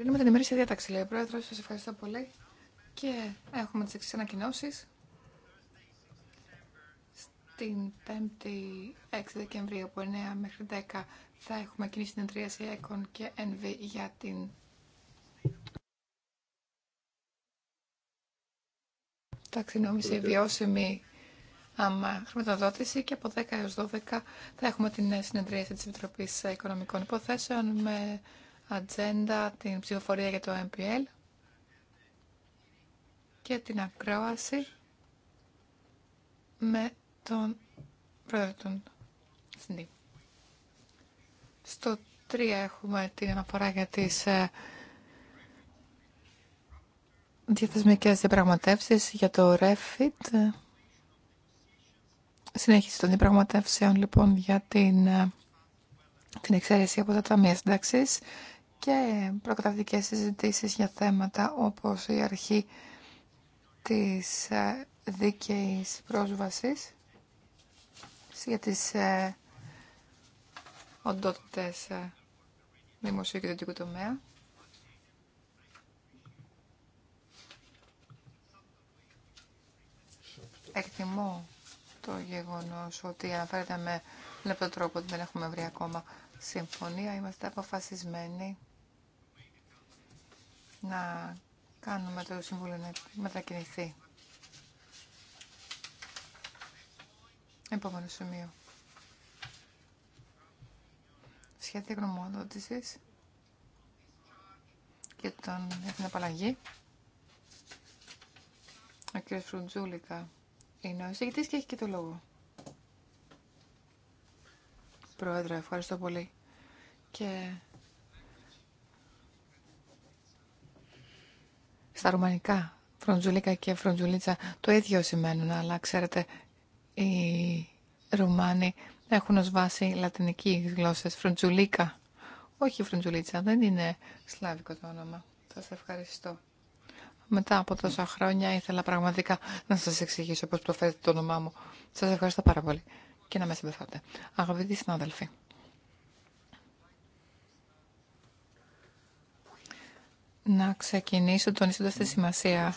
Κλείνουμε την ημερήσια διάταξη, λέει ο Πρόεδρο. Σα ευχαριστώ πολύ. Και έχουμε τι εξή ανακοινώσει. Στην 5η 6 Δεκεμβρίου από 9 μέχρι 10 θα έχουμε κοινή συνεδρίαση ΕΚΟΝ και ΕΝΒΗ για την ταξινόμηση βιώσιμη άμα χρηματοδότηση και από 10 έως 12 θα έχουμε την συνεδρίαση της Επιτροπής Οικονομικών Υποθέσεων με ατζέντα, την ψηφοφορία για το MPL και την ακρόαση με τον πρόεδρο των Συνδύ. Στο 3 έχουμε την αναφορά για τις ε, διαθεσμικές διαπραγματεύσεις για το REFIT. Συνέχιση των διαπραγματεύσεων λοιπόν για την, ε, την εξαίρεση από τα ταμεία συνταξής και προκαταρτικές συζητήσεις για θέματα όπως η αρχή της ε, δίκαιης πρόσβασης για τις ε, οντότητες ε, δημοσίου και ιδιωτικού τομέα. Εκτιμώ το γεγονός ότι αναφέρεται με λεπτό τρόπο ότι δεν έχουμε βρει ακόμα συμφωνία. Είμαστε αποφασισμένοι να κάνουμε το Συμβούλιο να μετακινηθεί. Επόμενο σημείο. Σχέδιο γνωμοδότησης και τον, για την Ο κ. Φρουτζούλικα είναι ο εισηγητής και έχει και το λόγο. Πρόεδρε, ευχαριστώ πολύ. Και Στα ρουμανικά, φροντζουλίκα και φροντζουλίτσα το ίδιο σημαίνουν, αλλά ξέρετε, οι Ρουμάνοι έχουν ως βάση λατινική γλώσσες φροντζουλίκα. Όχι φροντζουλίτσα, δεν είναι σλάβικο το όνομα. Σας ευχαριστώ. Μετά από τόσα χρόνια ήθελα πραγματικά να σας εξηγήσω πώς προφέρετε το όνομά μου. Σας ευχαριστώ πάρα πολύ και να με συμπεθάτε. Αγαπητοί συνάδελφοι. να ξεκινήσω τονίζοντας τη σημασία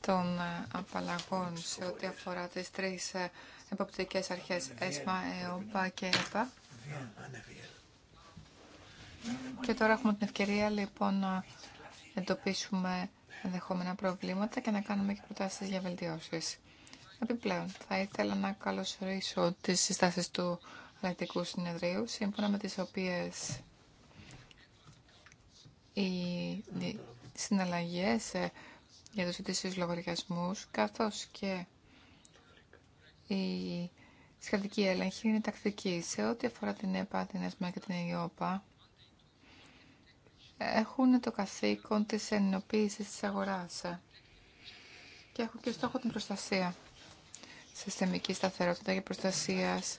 των ε, απαλλαγών σε ό,τι αφορά τις τρεις ε, εποπτικές αρχές ΕΣΜΑ, ΕΟΠΑ και ΕΠΑ. Και τώρα έχουμε την ευκαιρία λοιπόν να εντοπίσουμε ενδεχόμενα προβλήματα και να κάνουμε και προτάσεις για βελτιώσεις. Επιπλέον, θα ήθελα να καλωσορίσω τις συστάσεις του Αλλακτικού Συνεδρίου, σύμφωνα με τις οποίες οι συναλλαγές ε, για τους ετήσιους λογαριασμούς, καθώς και η σχετική έλεγχη είναι τακτική. Σε ό,τι αφορά την ΕΠΑ, την ΕΣΜΑ και την ΕΙΟΠΑ, έχουν το καθήκον της ενοποίησης της αγοράς και έχουν και στόχο την προστασία, συστημική σταθερότητα και προστασίας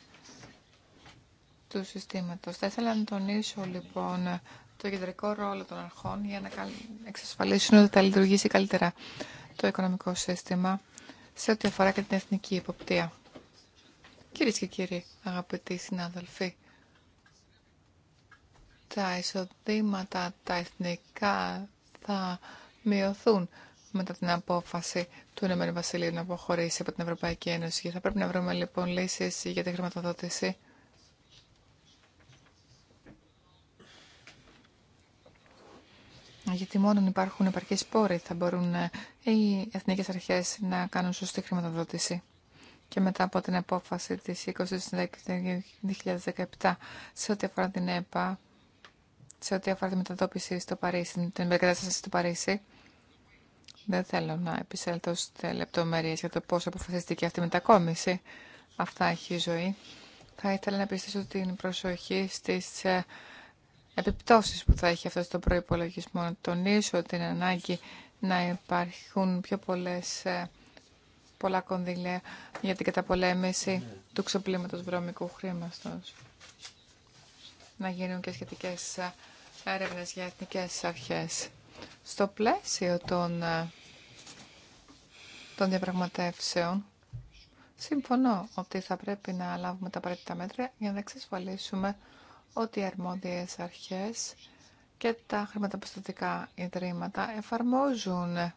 του συστήματος. Θα ήθελα να τονίσω λοιπόν το κεντρικό ρόλο των αρχών για να εξασφαλίσουν ότι θα λειτουργήσει καλύτερα το οικονομικό σύστημα σε ό,τι αφορά και την εθνική υποπτία. Κυρίε και κύριοι, αγαπητοί συνάδελφοι, τα εισοδήματα τα εθνικά θα μειωθούν μετά την απόφαση του Ηνωμένου Βασιλείου να αποχωρήσει από την Ευρωπαϊκή Ένωση. Θα πρέπει να βρούμε λοιπόν λύσει για τη χρηματοδότηση γιατί μόνον υπάρχουν επαρκέ πόροι θα μπορούν ε, οι εθνικές αρχές να κάνουν σωστή χρηματοδότηση. Και μετά από την απόφαση της 20 2017 σε ό,τι αφορά την ΕΠΑ, σε ό,τι αφορά τη μετατόπιση στο Παρίσι, την επεκατάσταση στο Παρίσι, δεν θέλω να επισέλθω σε λεπτομέρειες για το πώς αποφασίστηκε αυτή η μετακόμιση. Αυτά έχει η ζωή. Θα ήθελα να επιστήσω την προσοχή στις ε, επιπτώσεις που θα έχει αυτό στον προϋπολογισμό. Τονίσω την ανάγκη να υπάρχουν πιο πολλές, ε, πολλά κονδύλια για την καταπολέμηση ναι. του ξεπλήματος βρώμικου χρήματος. Να γίνουν και σχετικές ε, έρευνες για εθνικές αρχές. Στο πλαίσιο των, ε, των διαπραγματεύσεων, συμφωνώ ότι θα πρέπει να λάβουμε τα απαραίτητα μέτρα για να εξασφαλίσουμε ότι οι αρμόδιες αρχές και τα χρηματοπιστωτικά ιδρύματα εφαρμόζουν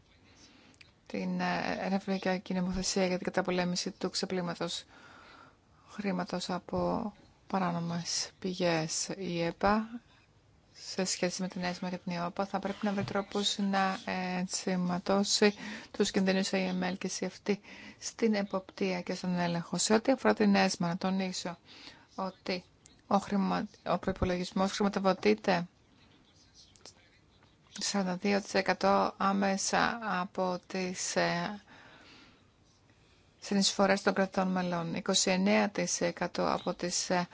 την ε, Ευρωπαϊκή Νομοθεσία για την καταπολέμηση του ξεπλήματος χρήματος από παράνομες πηγές. Η ΕΠΑ σε σχέση με την ΕΣΜΑ και την ΕΟΠΑ θα πρέπει να βρει τρόπους να ενσηματώσει τους κινδύνους AML και στην εποπτεία και στον έλεγχο. Σε ό,τι αφορά την ΕΣΜΑ, να τονίσω ότι ο, χρημα... ο προϋπολογισμός χρηματοδοτείται 42% άμεσα από τις ε, συνεισφορές των κρατών μελών, 29% από τις ε,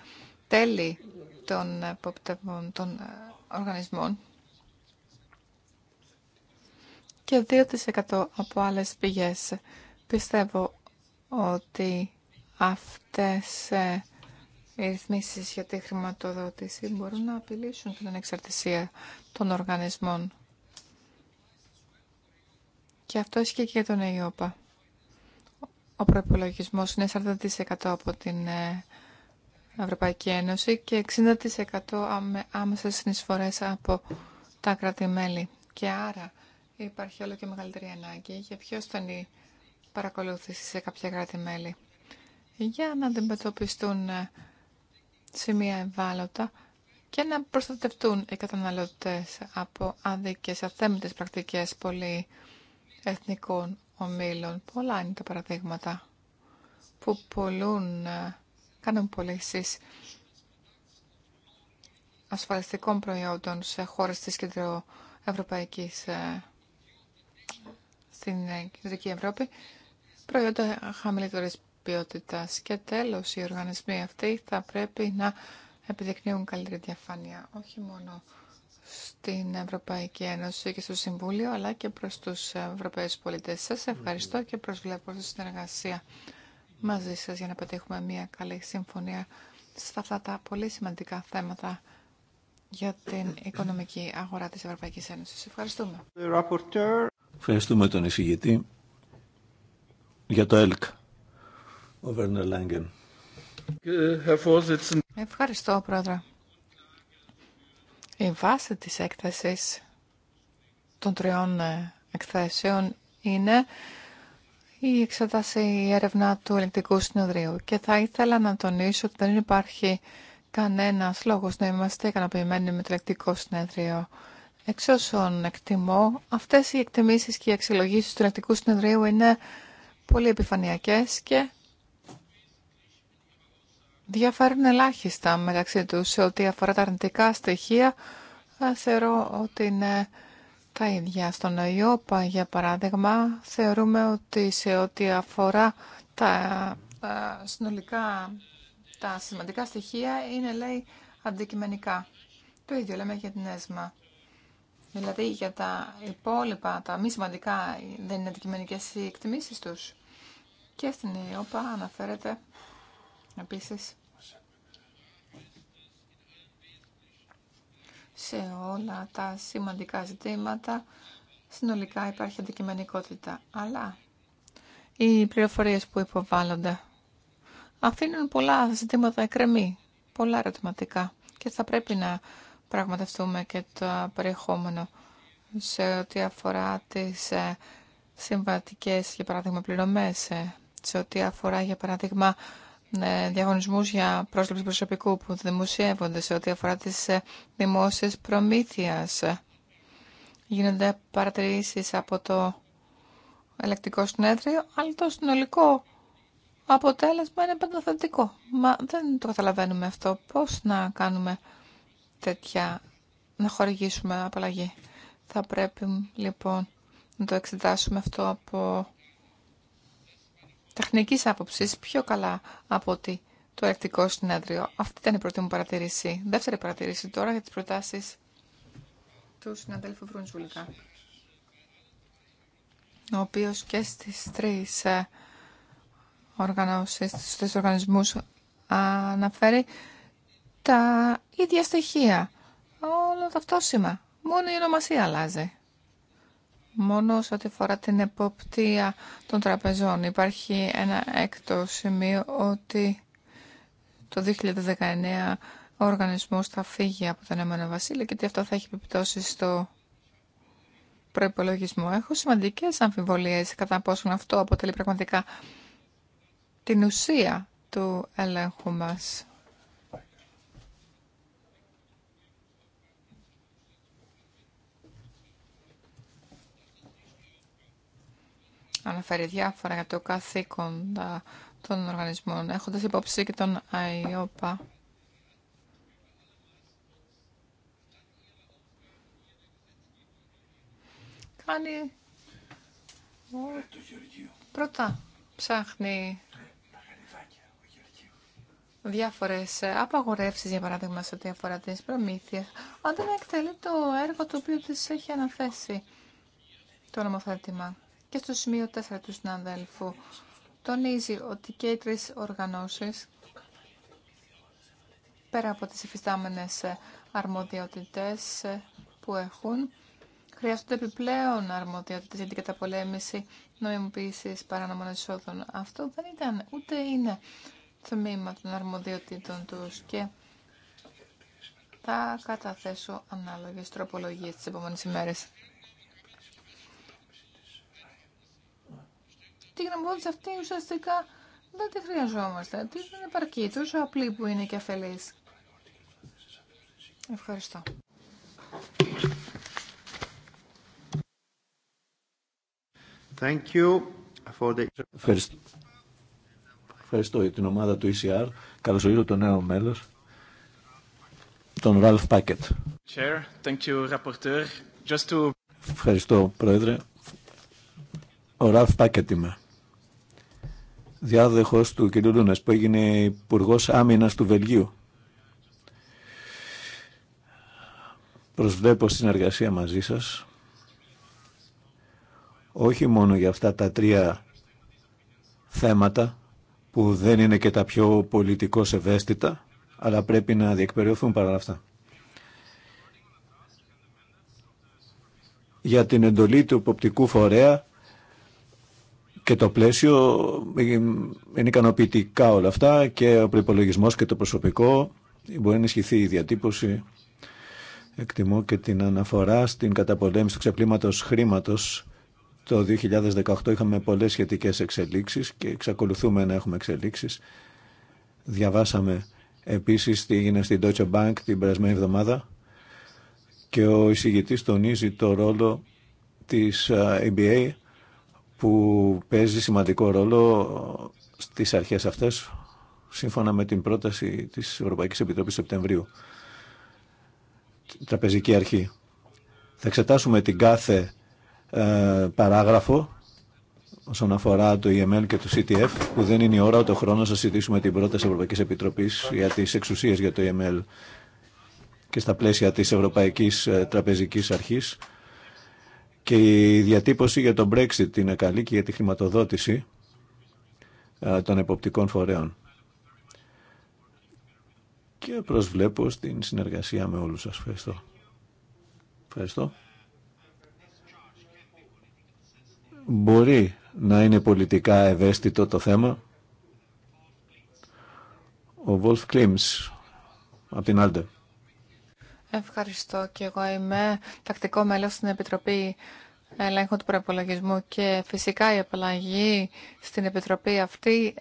τέλη των των ε, οργανισμών και 2% από άλλες πηγές. Πιστεύω ότι αυτές οι ρυθμίσεις για τη χρηματοδότηση μπορούν να απειλήσουν την ανεξαρτησία των οργανισμών. Και αυτό ισχύει και για τον ΕΙΟΠΑ. Ο προπολογισμό είναι 40% από την ε, Ευρωπαϊκή Ένωση και 60% με άμεσες συνεισφορές από τα κράτη-μέλη. Και άρα υπάρχει όλο και μεγαλύτερη ανάγκη για πιο στενή παρακολούθηση σε κάποια κράτη-μέλη για να αντιμετωπιστούν ε, σημεία ευάλωτα και να προστατευτούν οι καταναλωτές από αδίκες, αθέμητες πρακτικές πολύ εθνικών ομίλων. Πολλά είναι τα παραδείγματα που πολλούν, ε, κάνουν πωλήσει ασφαλιστικών προϊόντων σε χώρες της κεντροευρωπαϊκής ε, στην Κεντρική Ευρώπη προϊόντα χαμηλή και τέλος, οι οργανισμοί αυτοί θα πρέπει να επιδεικνύουν καλύτερη διαφάνεια, όχι μόνο στην Ευρωπαϊκή Ένωση και στο Συμβούλιο, αλλά και προς τους Ευρωπαίους πολίτες. Σας ευχαριστώ και προσβλέπω στη συνεργασία μαζί σας για να πετύχουμε μια καλή συμφωνία σε αυτά τα πολύ σημαντικά θέματα για την οικονομική αγορά της Ευρωπαϊκής Ένωσης. Ευχαριστούμε. Ευχαριστούμε τον εισηγητή για το ΕΛΚ. Ευχαριστώ, Πρόεδρε. Η βάση της έκθεσης των τριών ε, εκθέσεων είναι η εξέταση, η έρευνα του ελεκτικού συνεδρίου. Και θα ήθελα να τονίσω ότι δεν υπάρχει κανένας λόγος να είμαστε ικανοποιημένοι με το ελεκτικό συνεδρίο. Εξ όσων εκτιμώ, αυτές οι εκτιμήσεις και οι αξιολογήσεις του ελεκτικού συνεδρίου είναι πολύ επιφανειακές και διαφέρουν ελάχιστα μεταξύ τους σε ό,τι αφορά τα αρνητικά στοιχεία. Ε, θεωρώ ότι είναι τα ίδια. Στον ΙΟΠΑ, για παράδειγμα, θεωρούμε ότι σε ό,τι αφορά τα, ε, συνολικά, τα σημαντικά στοιχεία είναι, λέει, αντικειμενικά. Το ίδιο λέμε για την ΕΣΜΑ. Δηλαδή για τα υπόλοιπα, τα μη σημαντικά, δεν είναι αντικειμενικές οι εκτιμήσει του, Και στην ΕΟΠΑ αναφέρεται επίση. σε όλα τα σημαντικά ζητήματα. Συνολικά υπάρχει αντικειμενικότητα. Αλλά οι πληροφορίε που υποβάλλονται αφήνουν πολλά ζητήματα εκκρεμή, πολλά ερωτηματικά και θα πρέπει να πραγματευτούμε και το περιεχόμενο σε ό,τι αφορά τις ε, συμβατικές, για παράδειγμα, πληρωμές, ε, σε ό,τι αφορά, για παράδειγμα, ε, διαγωνισμούς για πρόσληψη προσωπικού που δημοσιεύονται σε ό,τι αφορά τις ε, δημόσιες προμήθειας. Γίνονται παρατηρήσεις από το ελεκτικό συνέδριο, αλλά το συνολικό αποτέλεσμα είναι πενταθετικό. Μα δεν το καταλαβαίνουμε αυτό. Πώς να κάνουμε τέτοια, να χορηγήσουμε απαλλαγή. Θα πρέπει λοιπόν να το εξετάσουμε αυτό από τεχνικής άποψης πιο καλά από ότι το ελεκτικό συνέδριο. Αυτή ήταν η πρώτη μου παρατηρήση. Δεύτερη παρατηρήση τώρα για τις προτάσεις του συναδέλφου Βρουντζουλικά, ο οποίος και στις τρεις ε, οργανώσεις, στους τρεις οργανισμούς αναφέρει τα ίδια στοιχεία, όλα τα ταυτόσημα. Μόνο η ονομασία αλλάζει μόνο σε ό,τι αφορά την εποπτεία των τραπεζών. Υπάρχει ένα έκτο σημείο ότι το 2019 ο οργανισμός θα φύγει από τον Έμενα Βασίλειο και ότι αυτό θα έχει επιπτώσει στο προϋπολογισμό. Έχω σημαντικές αμφιβολίες κατά πόσον αυτό αποτελεί πραγματικά την ουσία του ελέγχου μας. αναφέρει διάφορα για το καθήκον των οργανισμών, έχοντας υπόψη και τον ΑΙΟΠΑ. Κάνει... Πρώτα ψάχνει διάφορες απαγορεύσεις, για παράδειγμα, σε ό,τι αφορά τις προμήθειες, αν δεν εκτελεί το έργο το οποίο της έχει αναθέσει το νομοθέτημα. Και στο σημείο 4 του συναδέλφου τονίζει ότι και οι τρεις οργανώσεις πέρα από τις υφιστάμενες αρμοδιότητες που έχουν, χρειάζονται επιπλέον αρμοδιότητες για την καταπολέμηση νομιμοποίησης παράνομων εισόδων. Αυτό δεν ήταν, ούτε είναι θμήμα των αρμοδιοτήτων τους και θα καταθέσω ανάλογες τροπολογίες τις επόμενες ημέρες. αυτή η γνωμοδότηση αυτή ουσιαστικά δεν τη χρειαζόμαστε. Τι δεν επαρκεί, τόσο απλή που είναι και αφελής. Ευχαριστώ. Thank you for the... Ευχαριστώ. Ευχαριστώ για την ομάδα του ECR. Καλωσορίζω τον νέο μέλος, τον Ραλφ Πάκετ. Ευχαριστώ, Πρόεδρε. Ο Ραλφ Πάκετ είμαι. Διάδοχο του κ. Λούνας που έγινε υπουργό Άμυνας του Βελγίου. Προσβλέπω στην μαζί σας όχι μόνο για αυτά τα τρία θέματα που δεν είναι και τα πιο πολιτικώς ευαίσθητα αλλά πρέπει να διεκπεριωθούν παρά αυτά. Για την εντολή του υποπτικού φορέα και το πλαίσιο ε, είναι ικανοποιητικά όλα αυτά και ο προπολογισμό και το προσωπικό μπορεί να ενισχυθεί η διατύπωση. Εκτιμώ και την αναφορά στην καταπολέμηση του ξεπλήματος χρήματος. Το 2018 είχαμε πολλές σχετικές εξελίξεις και εξακολουθούμε να έχουμε εξελίξεις. Διαβάσαμε επίσης τι έγινε στην Deutsche Bank την περασμένη εβδομάδα και ο εισηγητής τονίζει το ρόλο της EBA ε, που παίζει σημαντικό ρόλο στις αρχές αυτές, σύμφωνα με την πρόταση της Ευρωπαϊκής Επιτροπής Σεπτεμβρίου. Τραπεζική αρχή. Θα εξετάσουμε την κάθε ε, παράγραφο όσον αφορά το EML και το CTF, που δεν είναι η ώρα ούτε ο χρόνος να συζητήσουμε την πρόταση Ευρωπαϊκής Επιτροπής για τις εξουσίες για το EML και στα πλαίσια της Ευρωπαϊκής ε, Τραπεζικής Αρχής. Και η διατύπωση για τον Brexit είναι καλή και για τη χρηματοδότηση των εποπτικών φορέων. Και προσβλέπω στην συνεργασία με όλους σας. Ευχαριστώ. Ευχαριστώ. Μπορεί να είναι πολιτικά ευαίσθητο το θέμα. Ο Βολφ Κλίμς από την Άλτε. Ευχαριστώ και εγώ είμαι τακτικό μέλος στην Επιτροπή Ελέγχου του Προπολογισμού και φυσικά η απαλλαγή στην Επιτροπή αυτή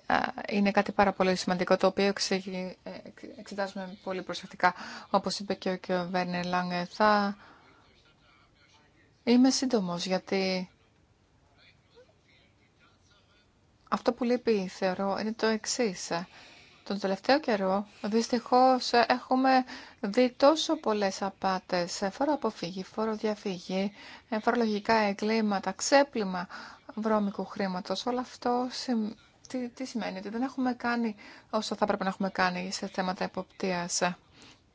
είναι κάτι πάρα πολύ σημαντικό το οποίο εξετάζουμε πολύ προσεκτικά. Όπως είπε και ο κ. Βέρνερ Λάγκε, θα είμαι σύντομος γιατί αυτό που λείπει θεωρώ είναι το εξής. Τον τελευταίο καιρό, δυστυχώς, έχουμε δει τόσο πολλές απάτες, φόρο αποφυγή, φορολογικά εγκλήματα, ξέπλυμα βρώμικου χρήματος. Όλο αυτό τι, τι σημαίνει, ότι δεν έχουμε κάνει όσο θα πρέπει να έχουμε κάνει σε θέματα εποπτείας.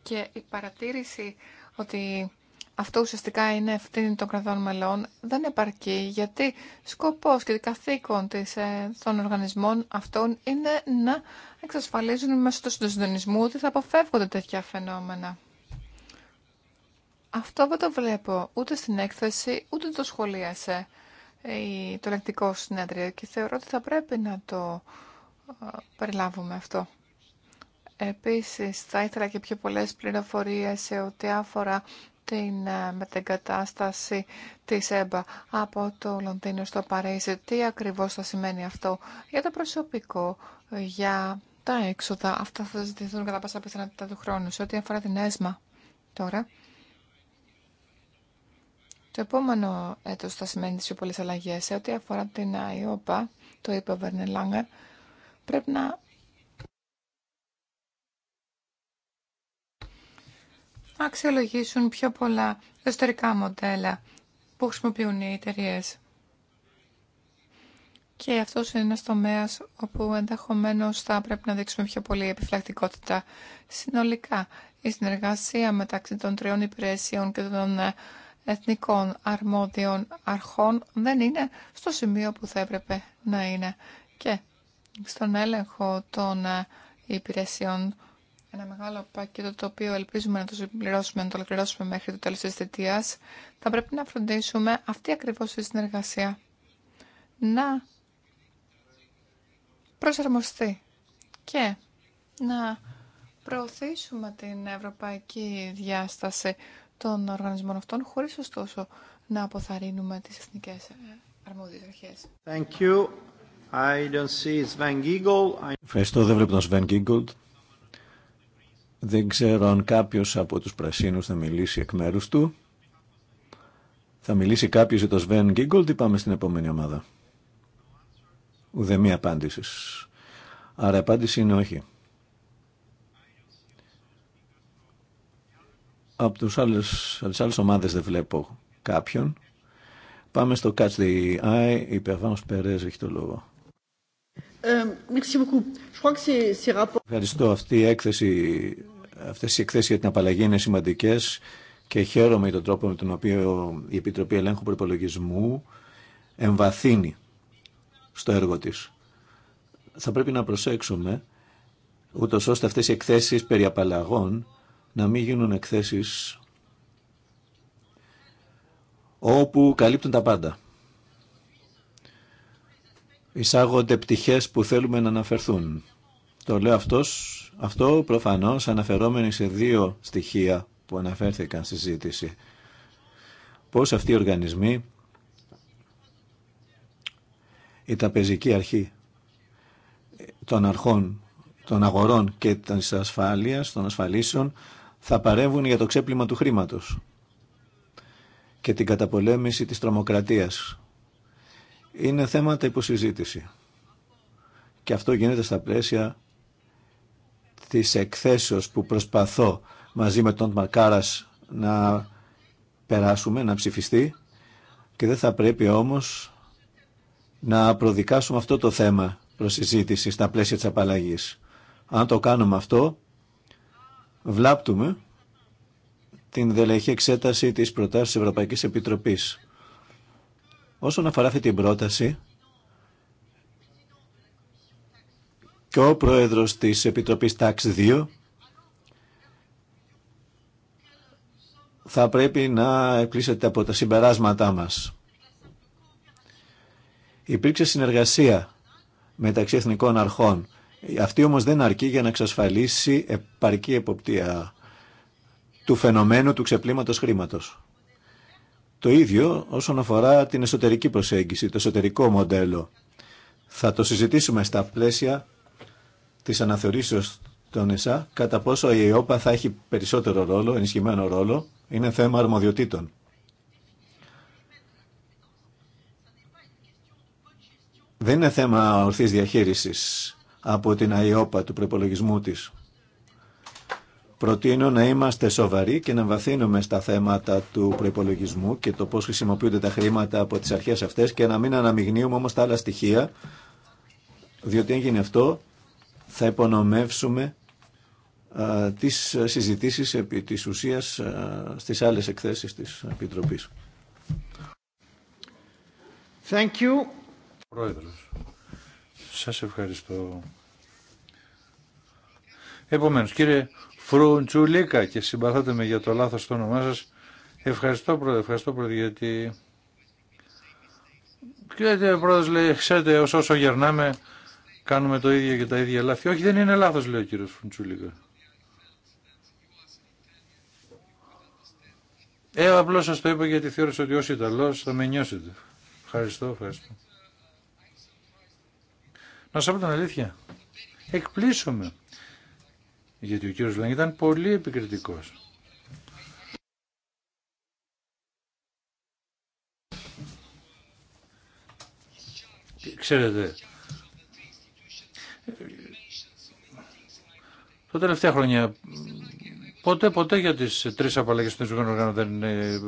Και η παρατήρηση ότι αυτό ουσιαστικά είναι ευθύνη των κρατών μελών, δεν επαρκεί γιατί σκοπός και καθήκον της, ε, των οργανισμών αυτών είναι να εξασφαλίζουν μέσω του συντονισμού ότι θα αποφεύγονται τέτοια φαινόμενα. Αυτό δεν το βλέπω ούτε στην έκθεση, ούτε το σχολίασε ε, το ελεκτικό συνέδριο και θεωρώ ότι θα πρέπει να το ε, περιλάβουμε αυτό. Επίσης, θα ήθελα και πιο πολλές πληροφορίες σε ό,τι αφορά ε, την κατάσταση της ΕΜΠΑ από το Λονδίνο στο Παρίσι. Τι ακριβώς θα σημαίνει αυτό για το προσωπικό, για τα έξοδα. Αυτά θα ζητηθούν κατά πάσα πιθανότητα του χρόνου. Σε ό,τι αφορά την ΕΣΜΑ τώρα, το επόμενο έτος θα σημαίνει τις πιο πολλές αλλαγές. Σε ό,τι αφορά την ΑΙΟΠΑ, το είπε ο Βερνελάγκα, πρέπει να αξιολογήσουν πιο πολλά εσωτερικά μοντέλα που χρησιμοποιούν οι εταιρείε. Και αυτό είναι ένα τομέα όπου ενδεχομένω θα πρέπει να δείξουμε πιο πολύ επιφυλακτικότητα. Συνολικά, η συνεργασία μεταξύ των τριών υπηρεσιών και των ε, εθνικών αρμόδιων αρχών δεν είναι στο σημείο που θα έπρεπε να είναι. Και στον έλεγχο των ε, υπηρεσιών ένα μεγάλο πακέτο το οποίο ελπίζουμε να το συμπληρώσουμε, να το ολοκληρώσουμε μέχρι το τέλος της θετίας, θα πρέπει να φροντίσουμε αυτή ακριβώς η συνεργασία να προσαρμοστεί και να προωθήσουμε την ευρωπαϊκή διάσταση των οργανισμών αυτών χωρίς ωστόσο να αποθαρρύνουμε τις εθνικές αρμόδιες αρχές. Thank you. I don't see Ευχαριστώ, δεν βλέπω τον Sven Giegold. Δεν ξέρω αν κάποιος από τους πρασίνους θα μιλήσει εκ μέρους του. Θα μιλήσει κάποιος για το Σβέν Γκίγκολτ ή πάμε στην επόμενη ομάδα. Ουδέμια απάντηση. Άρα η απάντηση ομαδα μια απαντηση όχι. Από τους άλλες, άλλες ομάδες δεν βλέπω κάποιον. Πάμε στο Catch the Eye. Η Περβάνος Περέζ έχει το λόγο. Ε, Ευχαριστώ. Αυτή η έκθεση Αυτές οι εκθέσεις για την απαλλαγή είναι σημαντικές και χαίρομαι τον τρόπο με τον οποίο η Επιτροπή Ελέγχου Προπολογισμού εμβαθύνει στο έργο της. Θα πρέπει να προσέξουμε ούτω ώστε αυτές οι εκθέσεις περί απαλλαγών να μην γίνουν εκθέσεις όπου καλύπτουν τα πάντα. Εισάγονται πτυχές που θέλουμε να αναφερθούν. Το λέω αυτός αυτό προφανώς αναφερόμενοι σε δύο στοιχεία που αναφέρθηκαν στη συζήτηση. Πώς αυτοί οι οργανισμοί, η ταπεζική αρχή των αρχών, των αγορών και της ασφάλειας, των ασφαλίσεων, θα παρεύουν για το ξέπλυμα του χρήματος και την καταπολέμηση της τρομοκρατίας. Είναι θέματα υποσυζήτηση. Και αυτό γίνεται στα πλαίσια της εκθέσεως που προσπαθώ μαζί με τον Μακάρας να περάσουμε, να ψηφιστεί και δεν θα πρέπει όμως να προδικάσουμε αυτό το θέμα προς στα πλαίσια της απαλλαγής. Αν το κάνουμε αυτό, βλάπτουμε την δελεχή εξέταση της πρότασης της Ευρωπαϊκής Επιτροπής. Όσον αφορά αυτή την πρόταση, και ο πρόεδρος της Επιτροπής Τάξη 2 θα πρέπει να εκκλείσετε από τα συμπεράσματά μας. Υπήρξε συνεργασία μεταξύ εθνικών αρχών. Αυτή όμως δεν αρκεί για να εξασφαλίσει επαρκή εποπτεία του φαινομένου του ξεπλήματος χρήματος. Το ίδιο όσον αφορά την εσωτερική προσέγγιση, το εσωτερικό μοντέλο. Θα το συζητήσουμε στα πλαίσια Τη αναθεωρήσεως των ΕΣΑ, κατά πόσο η ΕΟΠΑ θα έχει περισσότερο ρόλο, ενισχυμένο ρόλο, είναι θέμα αρμοδιοτήτων. Δεν είναι θέμα ορθής διαχείρισης από την ΑΕΟΠΑ του προπολογισμού της. Προτείνω να είμαστε σοβαροί και να βαθύνουμε στα θέματα του προπολογισμού και το πώς χρησιμοποιούνται τα χρήματα από τις αρχές αυτές και να μην αναμειγνύουμε όμως τα άλλα στοιχεία, διότι έγινε αυτό θα υπονομεύσουμε α, τις συζητήσεις επί της ουσίας στις άλλες εκθέσεις της Επιτροπής. Thank you. Πρόεδρος, σας ευχαριστώ. Επομένως, κύριε Φρουντσουλίκα και συμπαθάτε με για το λάθος το όνομά σας. Ευχαριστώ πρόεδρε, ευχαριστώ πρόεδρε γιατί... Κύριε πρόεδρος ξέρετε όσο, όσο γερνάμε κάνουμε το ίδιο και τα ίδια λάθη. Όχι, δεν είναι λάθος, λέει ο κύριος Φουντσούλικα. Ε, απλώ σα το είπα γιατί θεώρησα ότι ω Ιταλό θα με νιώσετε. Ευχαριστώ, ευχαριστώ. Να σα πω την αλήθεια. Εκπλήσωμαι. Γιατί ο κύριο Λάγκ ήταν πολύ επικριτικό. Ξέρετε, Τα τελευταία χρόνια ποτέ, ποτέ για τις τρεις απαλλαγέ των ειδικών οργάνων δεν ε,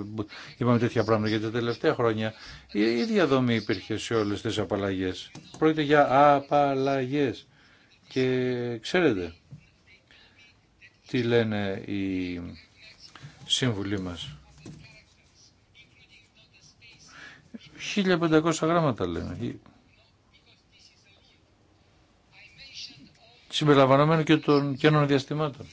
είπαμε τέτοια πράγματα. Γιατί τα τελευταία χρόνια η ίδια δομή υπήρχε σε όλες τις απαλλαγέ, Πρόκειται για απαλλαγέ. Και ξέρετε τι λένε οι σύμβουλοι μας. 1500 γράμματα λένε. συμπεριλαμβανομένου και των καινών διαστημάτων.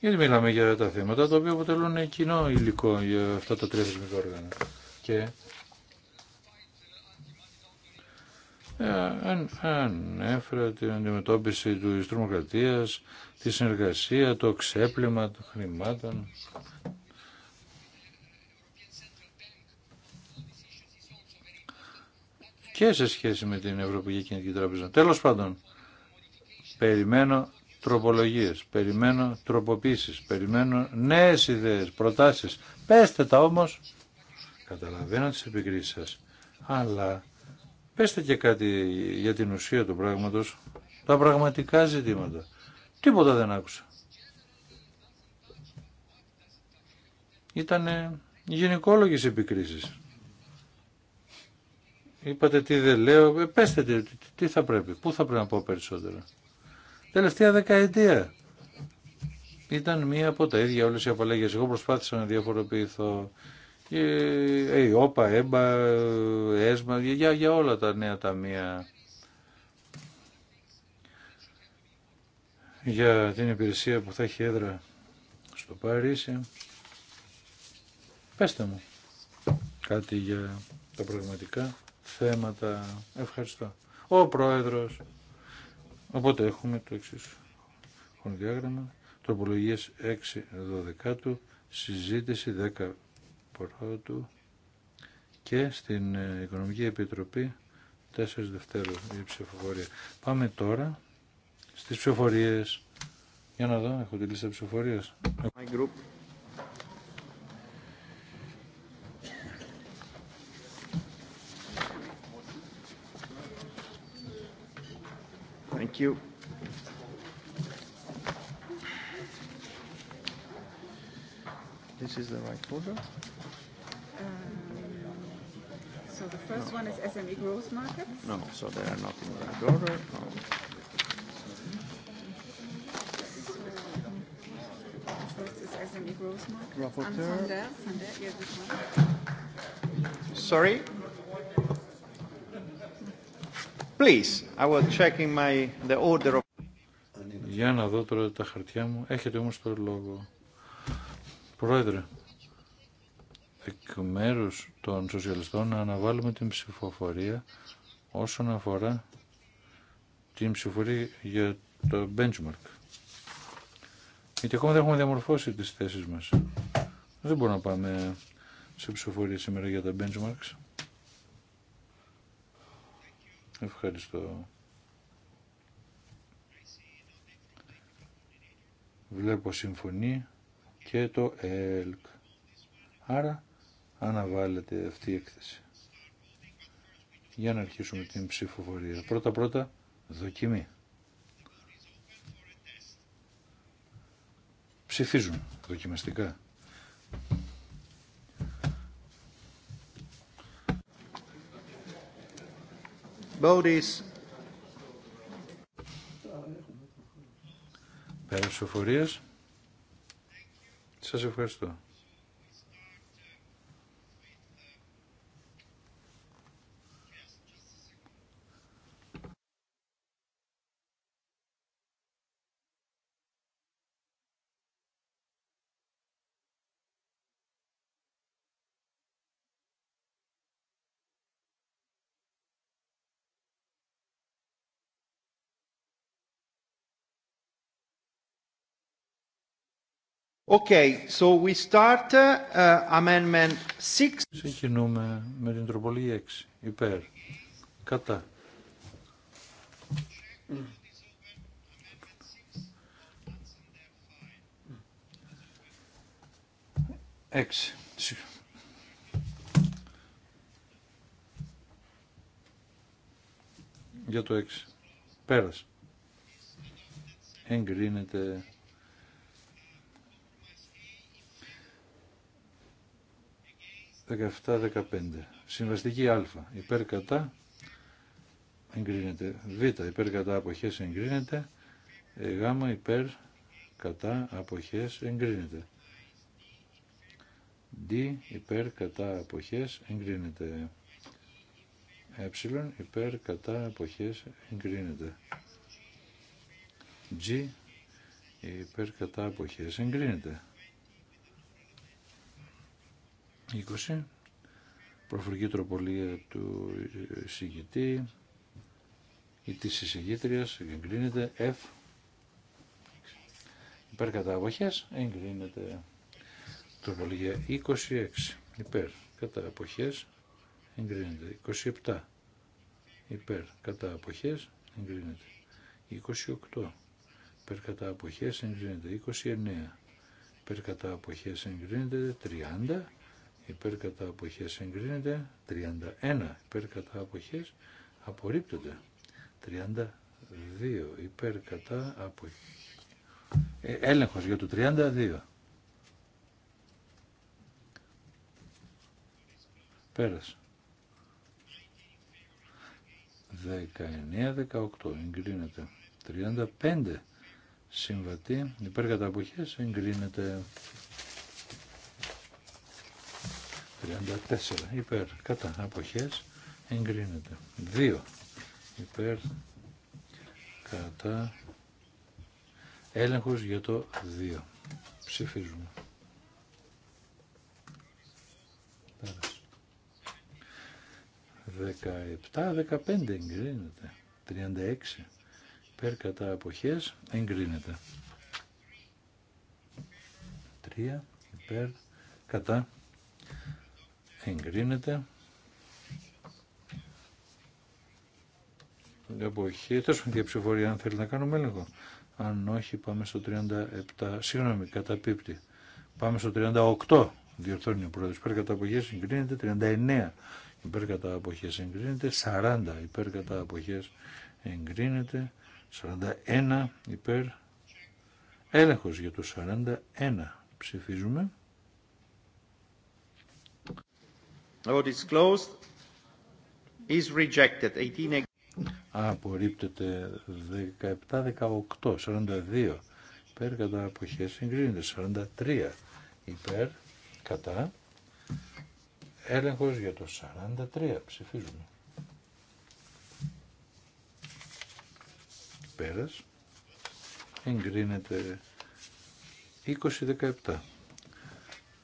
Γιατί μιλάμε για τα θέματα τα οποία αποτελούν κοινό υλικό για αυτά τα τρία θεσμικά όργανα. Και ε, αν, αν την αντιμετώπιση του τρομοκρατίας, τη συνεργασία, το ξέπλυμα των χρημάτων, και σε σχέση με την Ευρωπαϊκή Κεντρική Τράπεζα. Τέλος πάντων, περιμένω τροπολογίες, περιμένω τροποποίησεις, περιμένω νέες ιδέες, προτάσεις. Πέστε τα όμως, καταλαβαίνω τις επικρίσεις σας, αλλά πέστε και κάτι για την ουσία του πράγματος, τα πραγματικά ζητήματα. Τίποτα δεν άκουσα. Ήταν γενικόλογες επικρίσεις. Είπατε τι δεν λέω, ε, πέστε τι, τι θα πρέπει, πού θα πρέπει να πω περισσότερα. Τελευταία δεκαετία ήταν μία από τα ίδια όλες οι απαλλαγές. Εγώ προσπάθησα να διαφοροποιηθώ. Ε, ε όπα, έμπα, έσμα, για, για όλα τα νέα ταμεία. Για την υπηρεσία που θα πρεπει να πω περισσοτερο τελευταια δεκαετια ηταν μια απο τα ιδια ολες οι απαλλαγες εγω προσπαθησα να διαφοροποιηθω ε οπα εμπα εσμα για ολα τα νεα ταμεια για την υπηρεσια που θα εχει εδρα στο Παρίσι. Πέστε μου κάτι για τα πραγματικά θέματα. Ευχαριστώ. Ο Πρόεδρος. Οπότε έχουμε το εξή χρονοδιάγραμμα. Τροπολογίες 6 12 συζήτηση 10 πρώτου και στην ε, Οικονομική Επιτροπή 4 Δευτέρου η ψηφοφορία. Πάμε τώρα στις ψηφοφορίες. Για να δω, έχω τη λίστα ψηφοφορίας. My group. Thank you. This is the right order. So the first one is SME growth markets? No, so they are not in the right order. First is SME growth market. Rapporteur. Sorry? Για να δω τώρα τα χαρτιά μου. Έχετε όμως το λόγο. Πρόεδρε, εκ μέρους των σοσιαλιστών να αναβάλουμε την ψηφοφορία όσον αφορά την ψηφοφορία για το benchmark. Γιατί ακόμα δεν έχουμε διαμορφώσει τις θέσεις μας. Δεν μπορούμε να πάμε σε ψηφοφορία σήμερα για τα benchmarks. Ευχαριστώ. Βλέπω συμφωνή και το ΕΛΚ. Άρα αναβάλλεται αυτή η έκθεση. Για να αρχίσουμε την ψηφοφορία. Πρώτα πρώτα δοκιμή. Ψηφίζουν δοκιμαστικά. bodies. Πέρα ψηφοφορίας. Σας ευχαριστώ. Okay, so we start uh, amendment 6. Ξεκινούμε με την τροπολογία 6. Υπέρ. Κατά. Έξι. Για το έξι. Πέρασε. Εγκρίνεται 17-15. Συμβαστική α. Υπέρ κατά εγκρίνεται. Β. Υπέρ κατά αποχές εγκρίνεται. Ε, Γ. Υπέρ κατά αποχές εγκρίνεται. Δ. Υπέρ κατά αποχές εγκρίνεται. Ε. Υπέρ κατά αποχές εγκρίνεται. G. Υπέρ κατά αποχές εγκρίνεται. 20. Προφορική τροπολία του εισηγητή ή της εισηγήτριας εγκρίνεται F. Υπέρ κατά εγκρίνεται τροπολογία 26. Υπέρ κατά εγκρίνεται 27. Υπέρ κατά εγκρίνεται 28. Υπέρ κατά εγκρίνεται 29 υπέρ κατά εγκρίνεται 30 υπέρ κατά αποχές εγκρίνεται, 31 υπέρ κατά αποχές απορρίπτονται. 32 υπέρ κατά αποχές, ε, έλεγχος για το 32. Πέρασε. 19-18 εγκρίνεται. 35 συμβατή υπέρ κατά εγκρίνεται. 34 υπέρ κατά αποχές εγκρίνεται 2 υπέρ κατά έλεγχος για το 2 ψηφίζουμε Πέρασε. 17-15 εγκρίνεται 36 υπέρ κατά αποχές εγκρίνεται 3 υπέρ κατά εγκρίνεται. Εποχή. Τόσο με διαψηφορία αν θέλει να κάνουμε έλεγχο. Αν όχι πάμε στο 37. Συγγνώμη, καταπίπτει. Πάμε στο 38. Διορθώνει ο πρόεδρος. Υπέρ κατά αποχές εγκρίνεται. 39. Υπέρ κατά αποχές εγκρίνεται. 40. Υπέρ κατά αποχές εγκρίνεται. 41. Υπέρ. Έλεγχος για το 41. Ψηφίζουμε. Απορρίπτεται 17-18, 42 υπέρ κατά αποχές εγκρίνεται, 43 υπέρ κατά έλεγχος για το 43 ψηφίζουμε. Πέρας εγκρίνεται 20-17.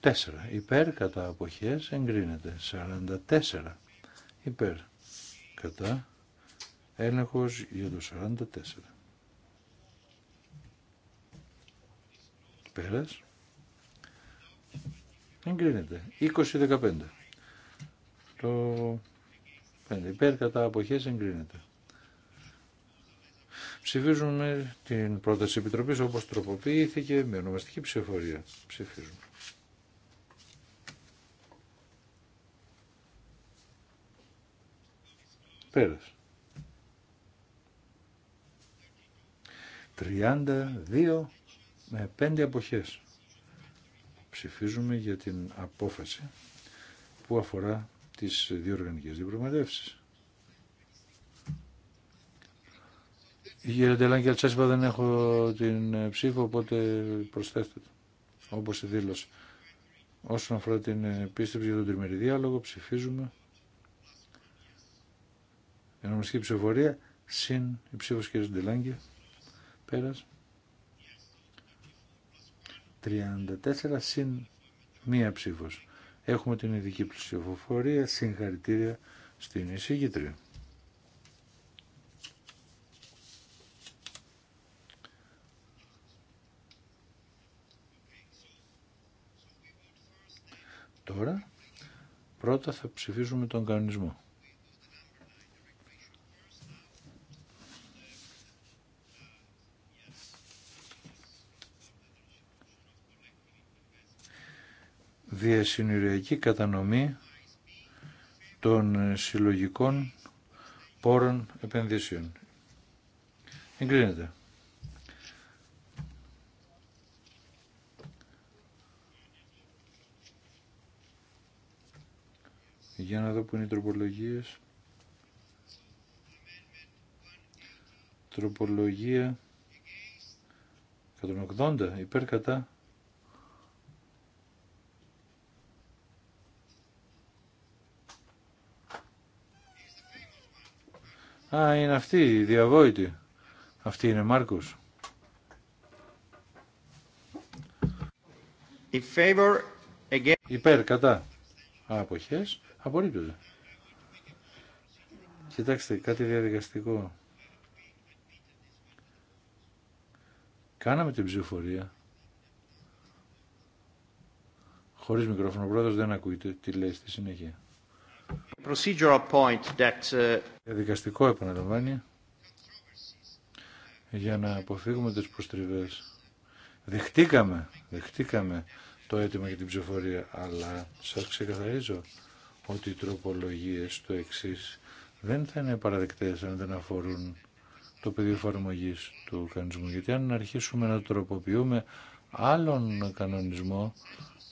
4 υπέρ κατά αποχές εγκρίνεται. 44 υπέρ κατά έλεγχος για το 44. Πέρας. Εγκρίνεται. 20-15. Το 5 υπέρ κατά αποχές εγκρίνεται. Ψηφίζουμε την πρόταση επιτροπής όπως τροποποιήθηκε με ονομαστική ψηφοφορία. Ψηφίζουμε. Πέρας. 32 με 5 αποχές. Ψηφίζουμε για την απόφαση που αφορά τις διοργανικές διαπραγματεύσεις. η κυρία Τελάνκια Αλτσέσπα δεν έχω την ε, ψήφο, οπότε προσθέστε το, όπως δήλωσε. Όσον αφορά την ε, επίστευση για τον τριμερή διάλογο, ψηφίζουμε. Η νομιστική ψηφοφορία συν η ψήφος κ. Ντελάγκη. Πέρας. 34 συν μία ψήφος. Έχουμε την ειδική ψηφοφορία. Συγχαρητήρια στην εισηγήτρια. Τώρα πρώτα θα ψηφίσουμε τον κανονισμό. διασυνοριακή κατανομή των συλλογικών πόρων επενδύσεων. Εγκρίνεται. Για να δω που είναι οι τροπολογίες. Τροπολογία 180 υπέρ κατά Α, είναι αυτή η διαβόητη. Αυτή είναι Μάρκος. Υπέρ, κατά. Αποχές, απορρίπτονται. Κοιτάξτε, κάτι διαδικαστικό. Κάναμε την ψηφοφορία. Χωρίς μικρόφωνο, ο δεν ακούει τι λέει στη συνέχεια. Δικαστικό επαναλαμβάνει για να αποφύγουμε τις προστριβές. Δεχτήκαμε, δεχτήκαμε το αίτημα για την ψηφορία, αλλά σας ξεκαθαρίζω ότι οι τροπολογίες του εξή δεν θα είναι παραδεκτές αν δεν αφορούν το πεδίο εφαρμογή του κανονισμού. Γιατί αν αρχίσουμε να τροποποιούμε άλλον κανονισμό,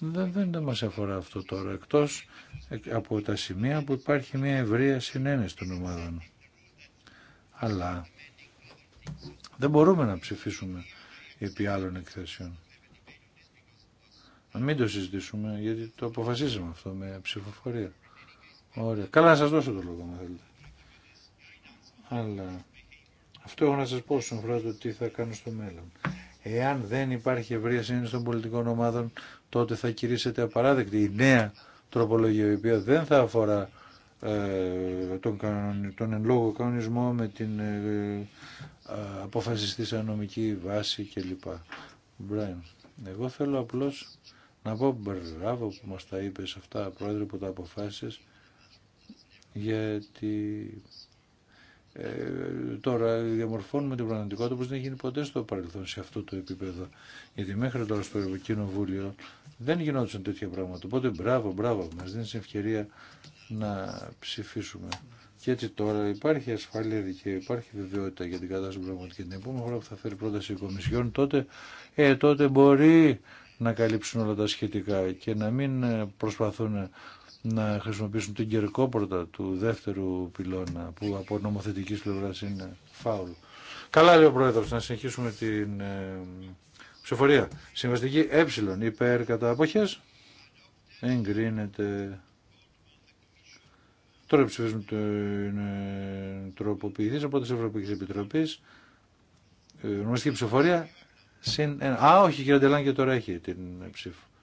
δεν, δεν, μας αφορά αυτό τώρα, εκτός από τα σημεία που υπάρχει μια ευρεία συνένεση των ομάδων. Αλλά δεν μπορούμε να ψηφίσουμε επί άλλων εκθέσεων. Να μην το συζητήσουμε, γιατί το αποφασίζουμε αυτό με ψηφοφορία. Ωραία. Καλά να σας δώσω το λόγο, αν θέλετε. Αλλά αυτό έχω να σας πω στον τι θα κάνω στο μέλλον. Εάν δεν υπάρχει ευρεία συνένεση των πολιτικών ομάδων, τότε θα κηρύσσεται απαράδεκτη η νέα τροπολογία, η οποία δεν θα αφορά ε, τον, τον εν λόγω κανονισμό με την ε, ε, αποφασιστή σαν νομική βάση κλπ. Μπράιν, εγώ θέλω απλώς να πω μπράβο που μας τα είπες αυτά, πρόεδρε, που τα αποφάσεις, γιατί ε, τώρα διαμορφώνουμε την πραγματικότητα όπως δεν γίνει ποτέ στο παρελθόν σε αυτό το επίπεδο. Γιατί μέχρι τώρα στο Ευρωκοινοβούλιο δεν γινόντουσαν τέτοια πράγματα. Οπότε μπράβο, μπράβο, μας δίνει ευκαιρία να ψηφίσουμε. Και έτσι τώρα υπάρχει ασφάλεια και υπάρχει βεβαιότητα για την κατάσταση πραγματική. Την επόμενη φορά που θα φέρει πρόταση η Κομισιόν, τότε, ε, τότε μπορεί να καλύψουν όλα τα σχετικά και να μην ε, προσπαθούν να χρησιμοποιήσουν την κερκόπορτα του δεύτερου πυλώνα που από νομοθετική πλευρά είναι φάουλ. Καλά λέει ο πρόεδρο. να συνεχίσουμε την ε, ψηφορία. Συμβαστική ε υπέρ κατά αποχές εγκρίνεται. Τώρα ψηφίζουν την ε, από τη Ευρωπαϊκή Επιτροπή. ε, ψηφορία συν Α, όχι, κύριε τώρα έχει την,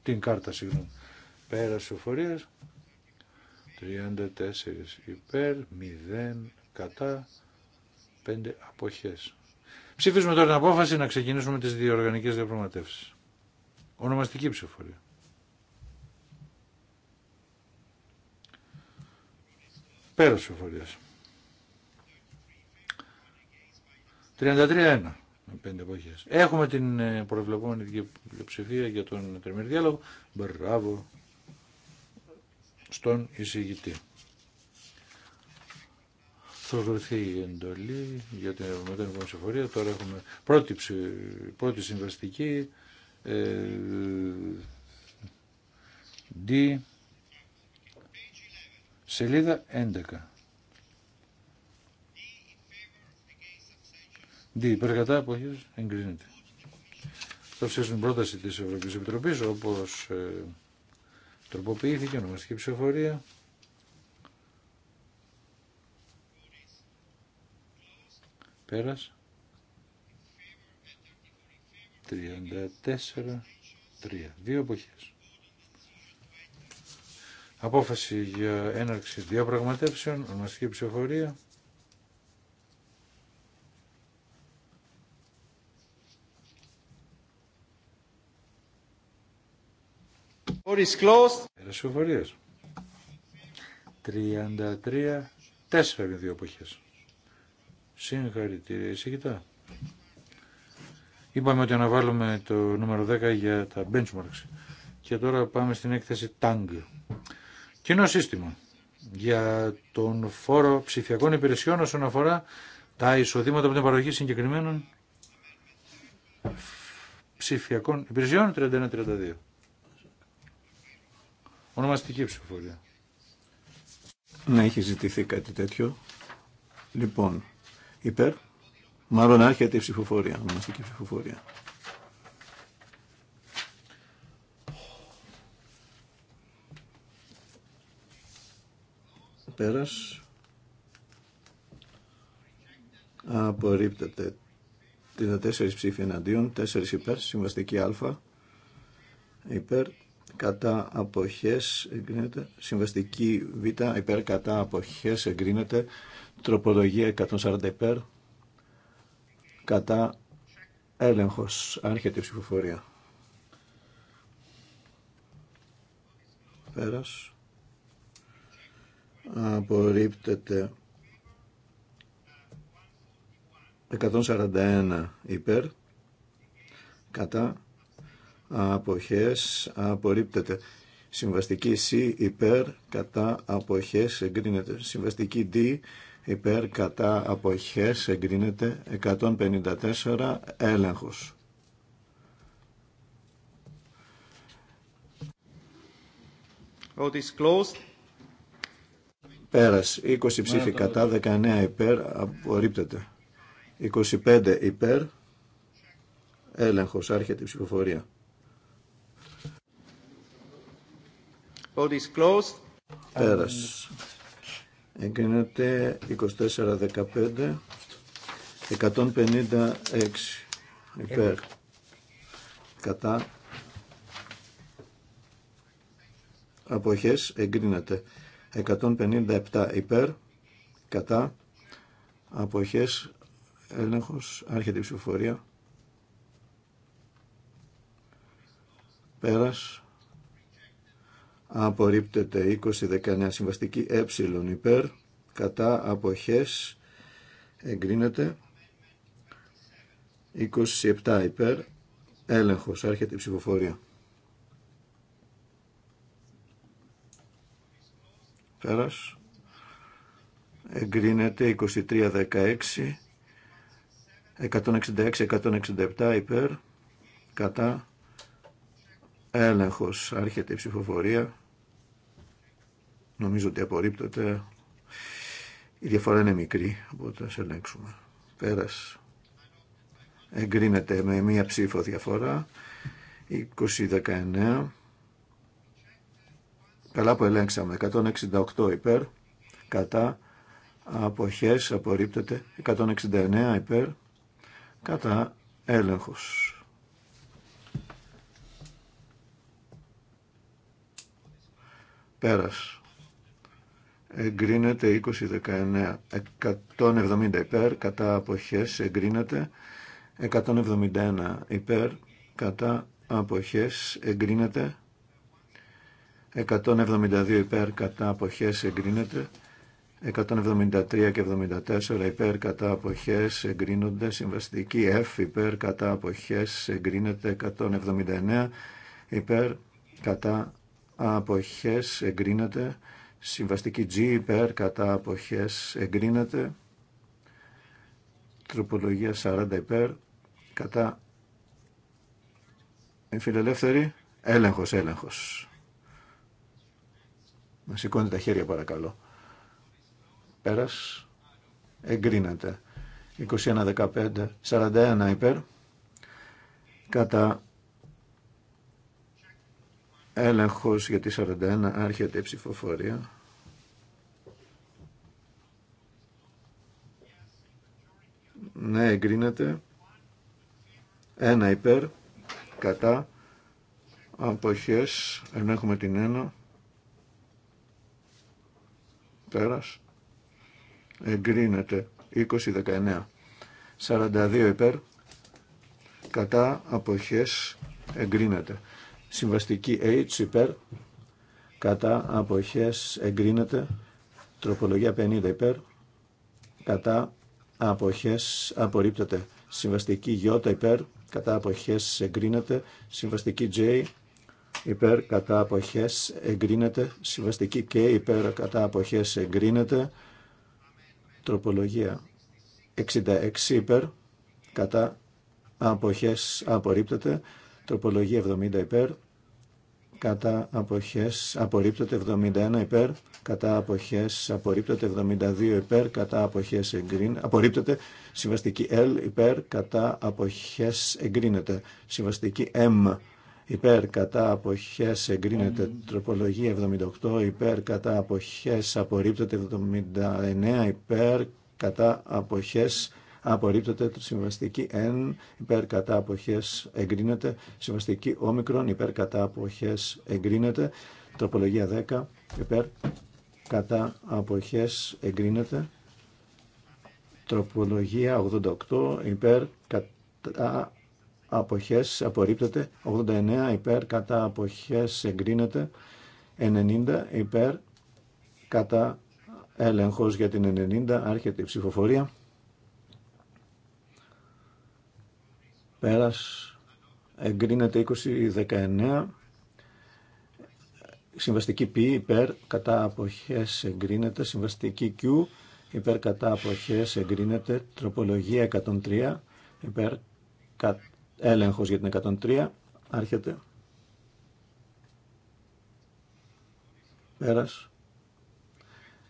την κάρτα, συγγνώμη. Πέρα ψηφοφορίας. 34 υπέρ, 0 κατά, 5 αποχές. Ψηφίζουμε τώρα την απόφαση να ξεκινήσουμε τις διοργανικές διαπραγματεύσεις. Ονομαστική Πέρα Πέρας ψηφοφορίας. 33-1 5 εποχές. Έχουμε την ε, προβλεπόμενη ψηφία για τον τριμερή διάλογο. Μπράβο στον εισηγητή. Θα δοθεί η εντολή για την ευρωπαϊκή ψηφορία. Τώρα έχουμε πρώτη, πρώτη συμβαστική. Ε, D. Σελίδα 11. D. Υπερκατά αποχής εγκρίνεται. Θα ψήσουμε πρόταση της Ευρωπαϊκής Επιτροπής όπως... Ε, Τροποποιήθηκε ονομαστική ψηφοφορία, Πέρας. 34-3. Δύο εποχές. Απόφαση για έναρξη διαπραγματεύσεων, ονομαστική ψηφοφορία. Ερασοφορίες. 33, 4 είναι δύο εποχές. Συγχαρητήρια, εισηγητά. Είπαμε ότι αναβάλουμε το νούμερο 10 για τα benchmarks. Και τώρα πάμε στην έκθεση TANG. Κοινό σύστημα για τον φόρο ψηφιακών υπηρεσιών όσον αφορά τα εισοδήματα από την παροχή συγκεκριμένων ψηφιακών υπηρεσιών 31-32. Ονομαστική ψηφοφορία. Να έχει ζητηθεί κάτι τέτοιο. Λοιπόν, υπέρ. Μάλλον άρχεται η ψηφοφορία, ονομαστική ψηφοφορία. Πέρας. Απορρίπτεται. τέσσερις ψήφοι εναντίον, 4 υπέρ, συμβαστική α, υπέρ, κατά αποχές εγκρίνεται. Συμβαστική Β υπέρ κατά αποχές εγκρίνεται. Τροπολογία 140 υπέρ κατά έλεγχος. Άρχεται η ψηφοφορία. Πέρας. Απορρίπτεται 141 υπέρ κατά αποχές απορρίπτεται. Συμβαστική C υπέρ κατά αποχές εγκρίνεται. Συμβαστική D υπέρ κατά αποχές εγκρίνεται 154 έλεγχος. Vote Πέρας. 20 ψήφοι κατά, 19 υπέρ, απορρίπτεται. 25 υπέρ, έλεγχος, άρχεται η ψηφοφορία. Vote Πέρας. Εγκρίνεται 24-15, 156 υπέρ, κατά, αποχές εγκρίνεται 157 υπέρ, κατά, αποχές, έλεγχος, άρχεται η ψηφοφορία, πέρας, απορρίπτεται 20-19 συμβαστική ε υπέρ κατά αποχές εγκρίνεται 27 υπέρ έλεγχος άρχεται η ψηφοφορία πέρας εγκρίνεται 23-16 166-167 υπέρ κατά Έλεγχος. Άρχεται η ψηφοφορία. Νομίζω ότι απορρίπτεται. Η διαφορά είναι μικρή, οπότε ας ελέγξουμε. Πέρας. Εγκρίνεται με μία ψήφο διαφορά. 20-19. Καλά που ελέγξαμε. 168 υπέρ. Κατά. Αποχές απορρίπτεται. 169 υπέρ. Κατά έλεγχος. υπερας Εγκρίνεται 20-19. 170 υπέρ. Κατά αποχές εγκρίνεται. 171 υπέρ. Κατά αποχές εγκρίνεται. 172 υπέρ κατά αποχές εγκρίνεται, 173 και 74 υπέρ κατά αποχές εγκρίνονται, συμβαστική F υπέρ κατά αποχές εγκρίνεται, 179 υπέρ κατά αποχές εγκρίνεται. Συμβαστική G υπέρ κατά αποχές εγκρίνεται. Τροπολογία 40 υπέρ κατά φιλελεύθερη. Έλεγχος, έλεγχος. Να σηκώνετε τα χέρια παρακαλώ. Πέρας εγκρίνεται. 21-15, 41 υπέρ κατά Έλεγχος για τη 41 άρχεται η ψηφοφορία. Ναι, εγκρίνεται. Ένα υπέρ, κατά, αποχές, ελέγχουμε την ένα. Πέρας. Εγκρίνεται. 20-19. 42 υπέρ, κατά, αποχές, εγκρίνεται. Συμβαστική H υπέρ κατά αποχές εγκρίνεται. Τροπολογία 50 υπέρ κατά αποχές απορρίπτεται. Συμβαστική Y υπέρ κατά αποχές εγκρίνεται. Συμβαστική J υπέρ κατά αποχές εγκρίνεται. Συμβαστική K υπέρ κατά αποχές εγκρίνεται. Τροπολογία 66 υπέρ κατά αποχές απορρίπτεται. Τροπολογία 70 υπέρ κατά αποχές απορρίπτωται 71 υπέρ, κατά αποχές απορρίπτωται 72 υπέρ, κατά αποχές εγκρίν, απορρίπτωται, συμβαστική L υπέρ, κατά αποχές εγκρίνεται, συμβαστική M υπέρ, κατά αποχές εγκρίνεται, τροπολογία 78 υπέρ, κατά αποχές απορρίπτωται 79 υπέρ, κατά αποχές απορρίπτεται. Συμβαστική N υπέρ κατά αποχές εγκρίνεται. Συμβαστική όμικρον υπέρ κατά αποχές εγκρίνεται. Τροπολογία 10 υπέρ κατά αποχές εγκρίνεται. Τροπολογία 88 υπέρ κατά αποχές απορρίπτεται. 89 υπέρ κατά αποχές εγκρίνεται. 90 υπέρ κατά έλεγχος για την 90 άρχεται η ψηφοφορία. Πέρας εγκρίνεται 20-19. Συμβαστική P υπέρ κατά αποχές εγκρίνεται. Συμβαστική Q υπέρ κατά αποχές εγκρίνεται. Τροπολογία 103 υπέρ κα... έλεγχος για την 103. Άρχεται. Πέρας.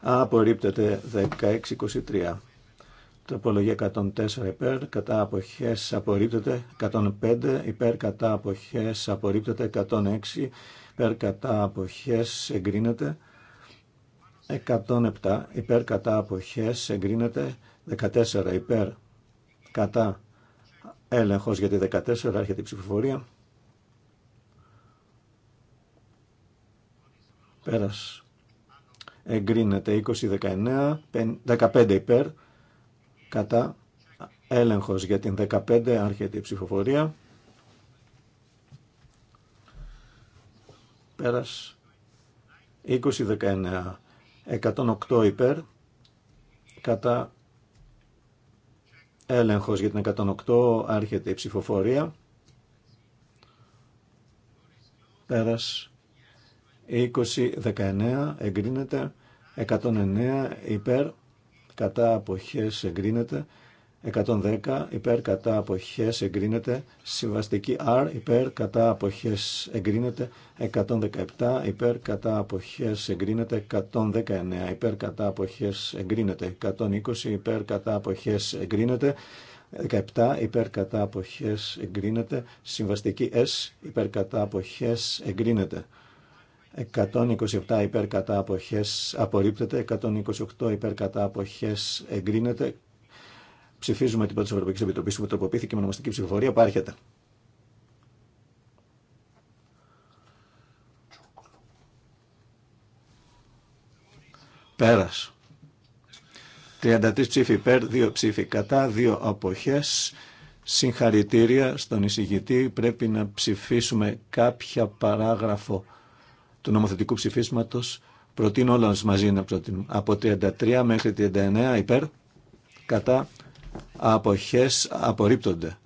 1623 Τροπολογία 104 υπέρ, κατά αποχές απορρίπτεται, 105 υπέρ, κατά αποχές απορρίπτεται, 106 υπέρ, κατά αποχές εγκρίνεται, 107 υπέρ, κατά αποχές εγκρίνεται, 14 υπέρ, κατά έλεγχος για 14, ερχεται η ψηφοφορία. Πέρας εγκρίνεται 20-19, 15 υπέρ, κατά έλεγχος για την 15 άρχεται η ψηφοφορία. Πέρας 20-19, 108 υπέρ, κατά έλεγχος για την 108 άρχεται η ψηφοφορία. Πέρας 20-19 εγκρίνεται 109 υπέρ κατά αποχές εγκρίνεται. 110 υπέρ κατά αποχές εγκρίνεται. Συμβαστική R υπέρ κατά αποχές εγκρίνεται. 117 υπέρ κατά αποχές εγκρίνεται. 119 υπέρ κατά αποχές εγκρίνεται. 120 υπέρ κατά αποχές εγκρίνεται. 17 υπέρ κατά αποχές εγκρίνεται. Συμβαστική S υπέρ κατά αποχές εγκρίνεται. 127 υπέρ κατά αποχές απορρίπτεται, 128 υπέρ κατά αποχές εγκρίνεται. Ψηφίζουμε την πρώτη Ευρωπαϊκή Επιτροπή που τροποποιήθηκε με νομοστική ψηφοφορία. Πάρχεται. Πέρας. 33 ψήφοι υπέρ, 2 ψήφοι κατά, 2 αποχές. Συγχαρητήρια στον εισηγητή. Πρέπει να ψηφίσουμε κάποια παράγραφο του νομοθετικού ψηφίσματος προτείνω όλους μαζί να προτείνουμε. Από 33 μέχρι 39 υπέρ, κατά αποχές απορρίπτονται.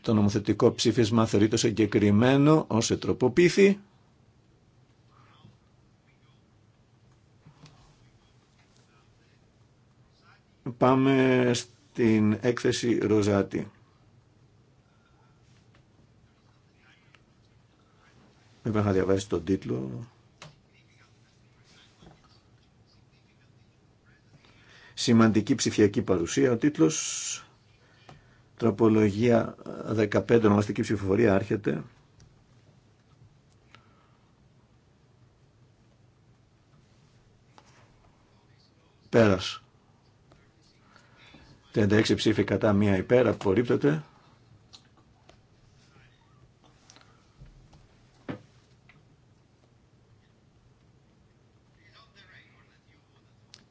Το νομοθετικό ψήφισμα θεωρείται συγκεκριμένο ως ετροποποίηθη. Πάμε στην έκθεση Ροζάτη. πρέπει να διαβάσει τον τίτλο. Σημαντική ψηφιακή παρουσία. Ο τίτλος τροπολογία 15 ονομαστική ψηφοφορία άρχεται. Πέρας. 36 ψήφοι κατά μία υπέρ απορρίπτεται.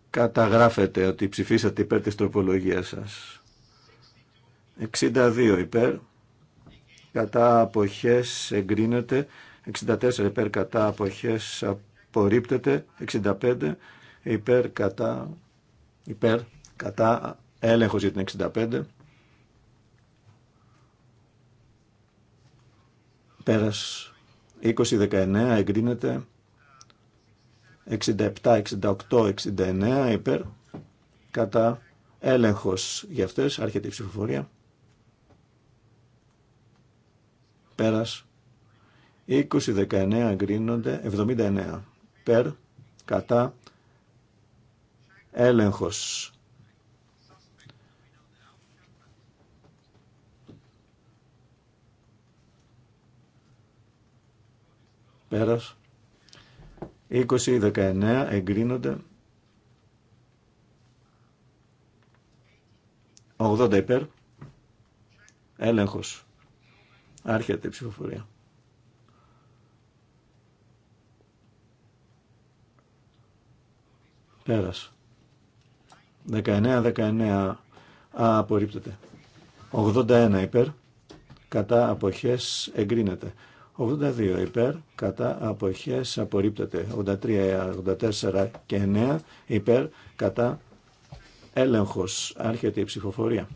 καταγράφεται ότι ψηφίσατε υπέρ της τροπολογίας σας. 62 υπέρ, κατά αποχές εγκρίνεται, 64 υπέρ κατά αποχές απορρίπτεται, 65 υπέρ κατά, υπέρ κατά έλεγχος για την 65. Πέρας 20-19 εγκρίνεται 67, 68, 69 υπέρ κατά έλεγχος για αυτές, άρχεται η ψηφοφορία. Πέρας. 20-19 εγκρίνονται, 79 περ κατά έλεγχος. Πέρας. 20, 19 εγκρίνονται. 80 υπέρ. Έλεγχος. Άρχεται η ψηφοφορία. Πέρας. 19, 19 απορρίπτεται. 81 υπέρ. Κατά αποχές εγκρίνεται. 82 υπέρ, κατά αποχές απορρίπτεται. 83, 84 και 9 υπέρ, κατά έλεγχος. Άρχεται η ψηφοφορία.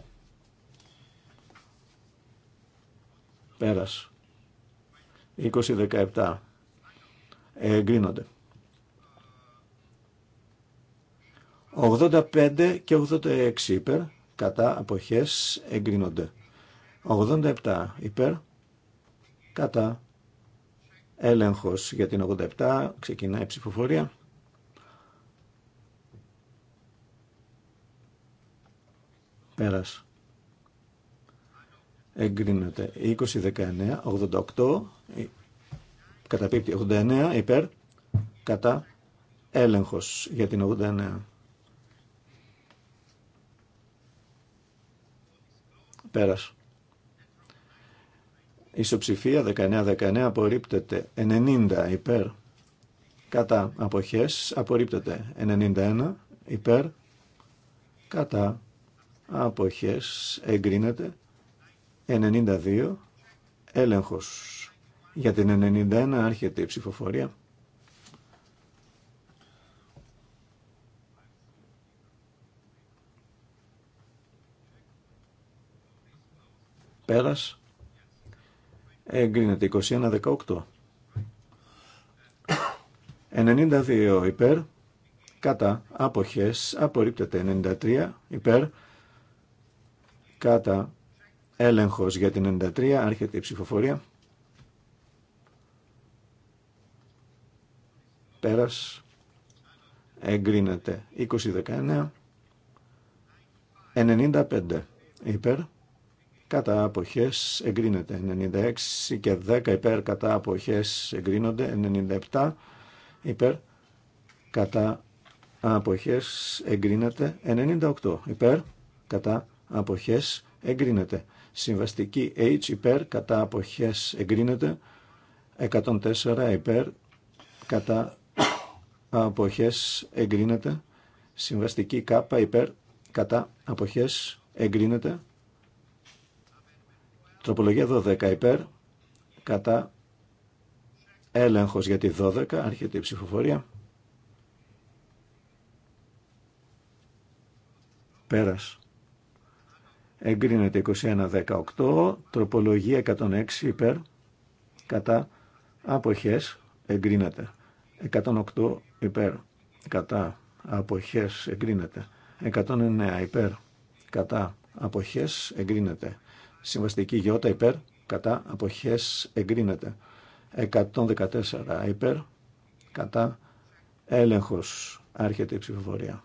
Πέρας. 20-17. Εγκρίνονται. 85 και 86 υπέρ, κατά αποχές εγκρίνονται. 87 υπέρ, κατά Έλεγχος για την 87. Ξεκινάει η ψηφοφορία. Πέρας. Εγκρίνεται. 20-19. 88. Καταπίπτει. 89. Υπέρ. Κατά. Έλεγχος για την 89. Πέρας. Ισοψηφία 19-19 απορρίπτεται. 90 υπέρ. Κατά αποχές απορρίπτεται. 91 υπέρ. Κατά αποχές εγκρίνεται. 92 έλεγχος. Για την 91 άρχεται η ψηφοφορία. Πέρας εγκρίνεται 21-18. 92 υπέρ, κατά αποχές, απορρίπτεται 93 υπέρ, κατά έλεγχος για την 93, άρχεται η ψηφοφορία. Πέρας, εγκρίνεται 20-19, 95 υπέρ, κατά αποχές εγκρίνεται 96 και 10 υπέρ κατά αποχές εγκρίνονται 97 υπέρ κατά αποχές εγκρίνεται 98 υπέρ κατά αποχές εγκρίνεται συμβαστική H υπέρ κατά αποχές εγκρίνεται 104 υπέρ κατά αποχές εγκρίνεται συμβαστική K υπέρ κατά αποχές εγκρίνεται Τροπολογία 12 υπέρ, κατά έλεγχος για τη 12, άρχεται η ψηφοφορία. Πέρας. Εγκρίνεται 21-18, τροπολογία 106 υπέρ, κατά αποχές εγκρίνεται. 108 υπέρ, κατά αποχές εγκρίνεται. 109 υπέρ, κατά αποχές εγκρίνεται. Συμβαστική γιώτα υπέρ, κατά αποχές εγκρίνεται. 114 υπέρ, κατά έλεγχος άρχεται η ψηφοφορία.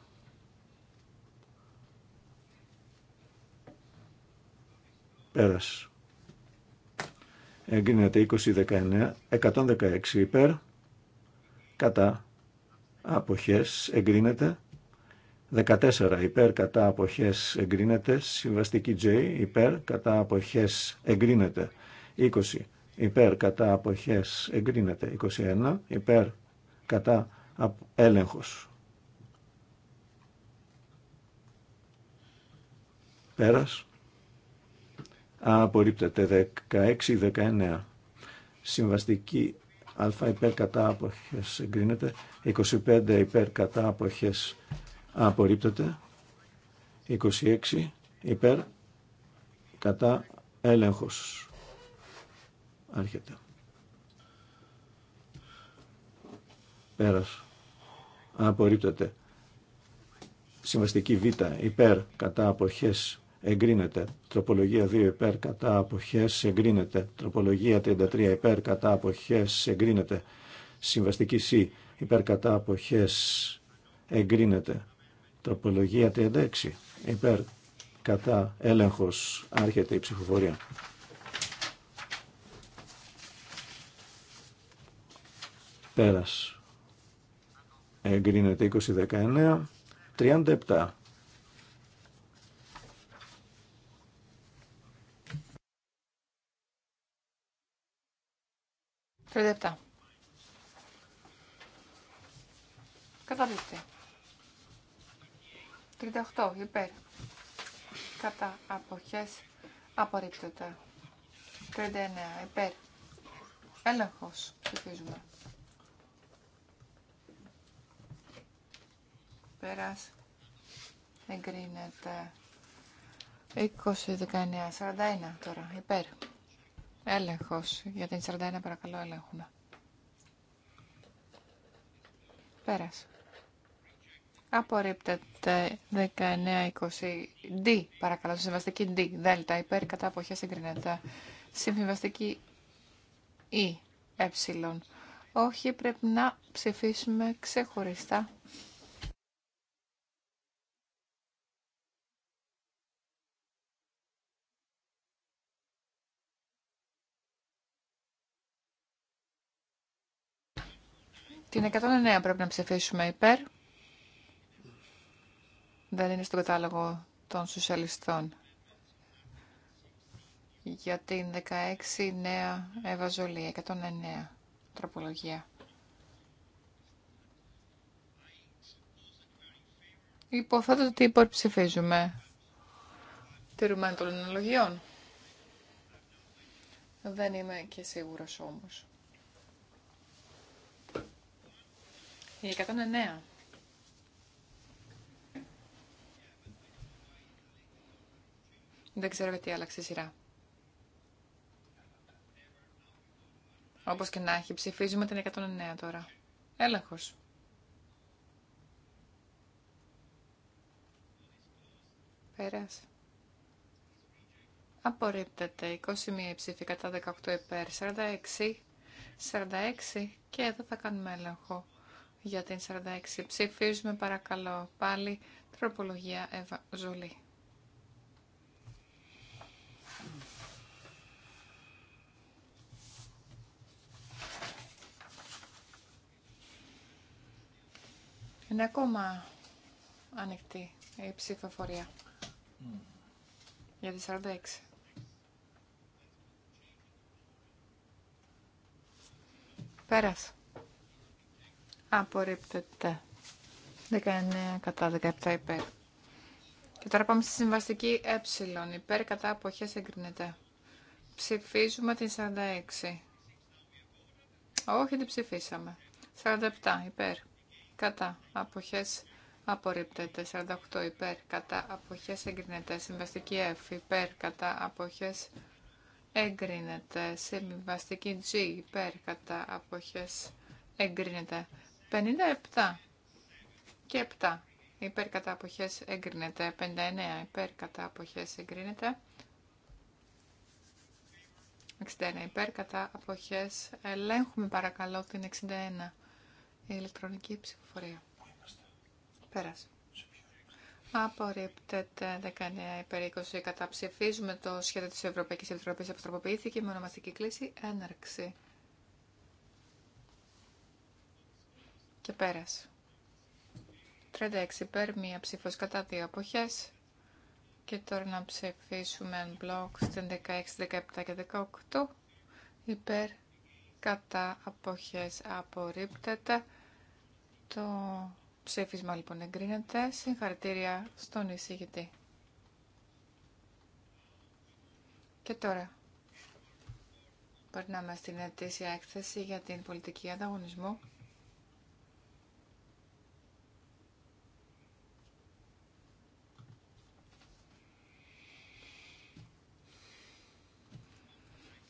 Πέρας. Εγκρίνεται 20-19, 116 υπέρ, κατά αποχές εγκρίνεται 14 υπέρ κατά αποχές εγκρίνεται. Συμβαστική J υπέρ κατά αποχές εγκρίνεται. 20 υπέρ κατά αποχές εγκρίνεται. 21 υπέρ κατά έλεγχος. Πέρας. Απορρίπτεται 16-19. Συμβαστική α υπέρ κατά αποχές εγκρίνεται. 25 υπέρ κατά αποχές απορρίπτεται 26 υπέρ κατά έλεγχος άρχεται πέρας απορρίπτεται συμβαστική β υπέρ κατά αποχές εγκρίνεται τροπολογία 2 υπέρ κατά αποχές εγκρίνεται τροπολογία 33 υπέρ κατά αποχές εγκρίνεται συμβαστική σ υπέρ κατά αποχές εγκρίνεται Τροπολογία 36. Υπέρ. Κατά. Έλεγχος. Άρχεται η ψηφοφορία. Πέρας. Εγκρίνεται 20-19. 37. τα 39. Υπέρ. Έλεγχος. Ψηφίζουμε. Πέρας. Εγκρίνεται. 20, 19, 41 τώρα. Υπέρ. Έλεγχος. Για την 41 παρακαλώ έλεγχουμε. Πέρασε. Απορρίπτεται 19-20. D, παρακαλώ, συμβαστική D. Δέλτα υπέρ, κατά αποχέ συγκρινεται Συμβαστική E, ε. Όχι, πρέπει να ψηφίσουμε ξεχωριστά. Την 109 πρέπει να ψηφίσουμε υπέρ δεν είναι στον κατάλογο των σοσιαλιστών. Για την 16 νέα ευαζολή, 109 τροπολογία. Υποθέτω ότι υπορψηφίζουμε. τη των αναλογιών. Δεν είμαι και σίγουρος όμως. Η 109. Δεν ξέρω γιατί άλλαξε η σειρά. Όπως και να έχει, ψηφίζουμε την 109 τώρα. Έλεγχος. Πέρας. Απορρίπτεται. 21 ψήφι, κατά 18 υπέρ. 46. 46. Και εδώ θα κάνουμε έλεγχο για την 46. Ψηφίζουμε παρακαλώ πάλι τροπολογία Εύα Είναι ακόμα ανοιχτή η ψηφοφορία για τη 46. Πέρας. Απορρίπτεται. 19 κατά 17 υπέρ. Και τώρα πάμε στη συμβαστική ε. Υπέρ κατά αποχές εγκρίνεται. Ψηφίζουμε τη 46. Όχι, την ψηφίσαμε. 47 υπέρ κατά αποχές απορρίπτεται. 48 υπέρ κατά αποχές εγκρίνεται. Συμβαστική F υπέρ κατά αποχές εγκρίνεται. Συμβαστική G υπέρ κατά αποχές εγκρίνεται. 57 και 7 υπέρ κατά αποχές εγκρίνεται. 59 υπέρ κατά αποχές εγκρίνεται. 61 υπέρ κατά αποχές. Ελέγχουμε παρακαλώ την 61. Η ηλεκτρονική ψηφοφορία. Πέρασε. Απορρίπτεται 19 υπέρ 20 Καταψηφίζουμε το σχέδιο της Ευρωπαϊκής Επιτροπής Αποστροποποιήθηκε με ονομαστική κλίση έναρξη. Και πέρασε. 36 υπέρ, μία ψήφος κατά, δύο αποχές. Και τώρα να ψηφίσουμε μπλοκ στην 16, 17 και 18. Υπέρ, κατά, αποχές, απορρίπτεται. Το ψήφισμα λοιπόν εγκρίνεται. Συγχαρητήρια στον εισηγητή. Και τώρα περνάμε στην ετήσια έκθεση για την πολιτική ανταγωνισμού.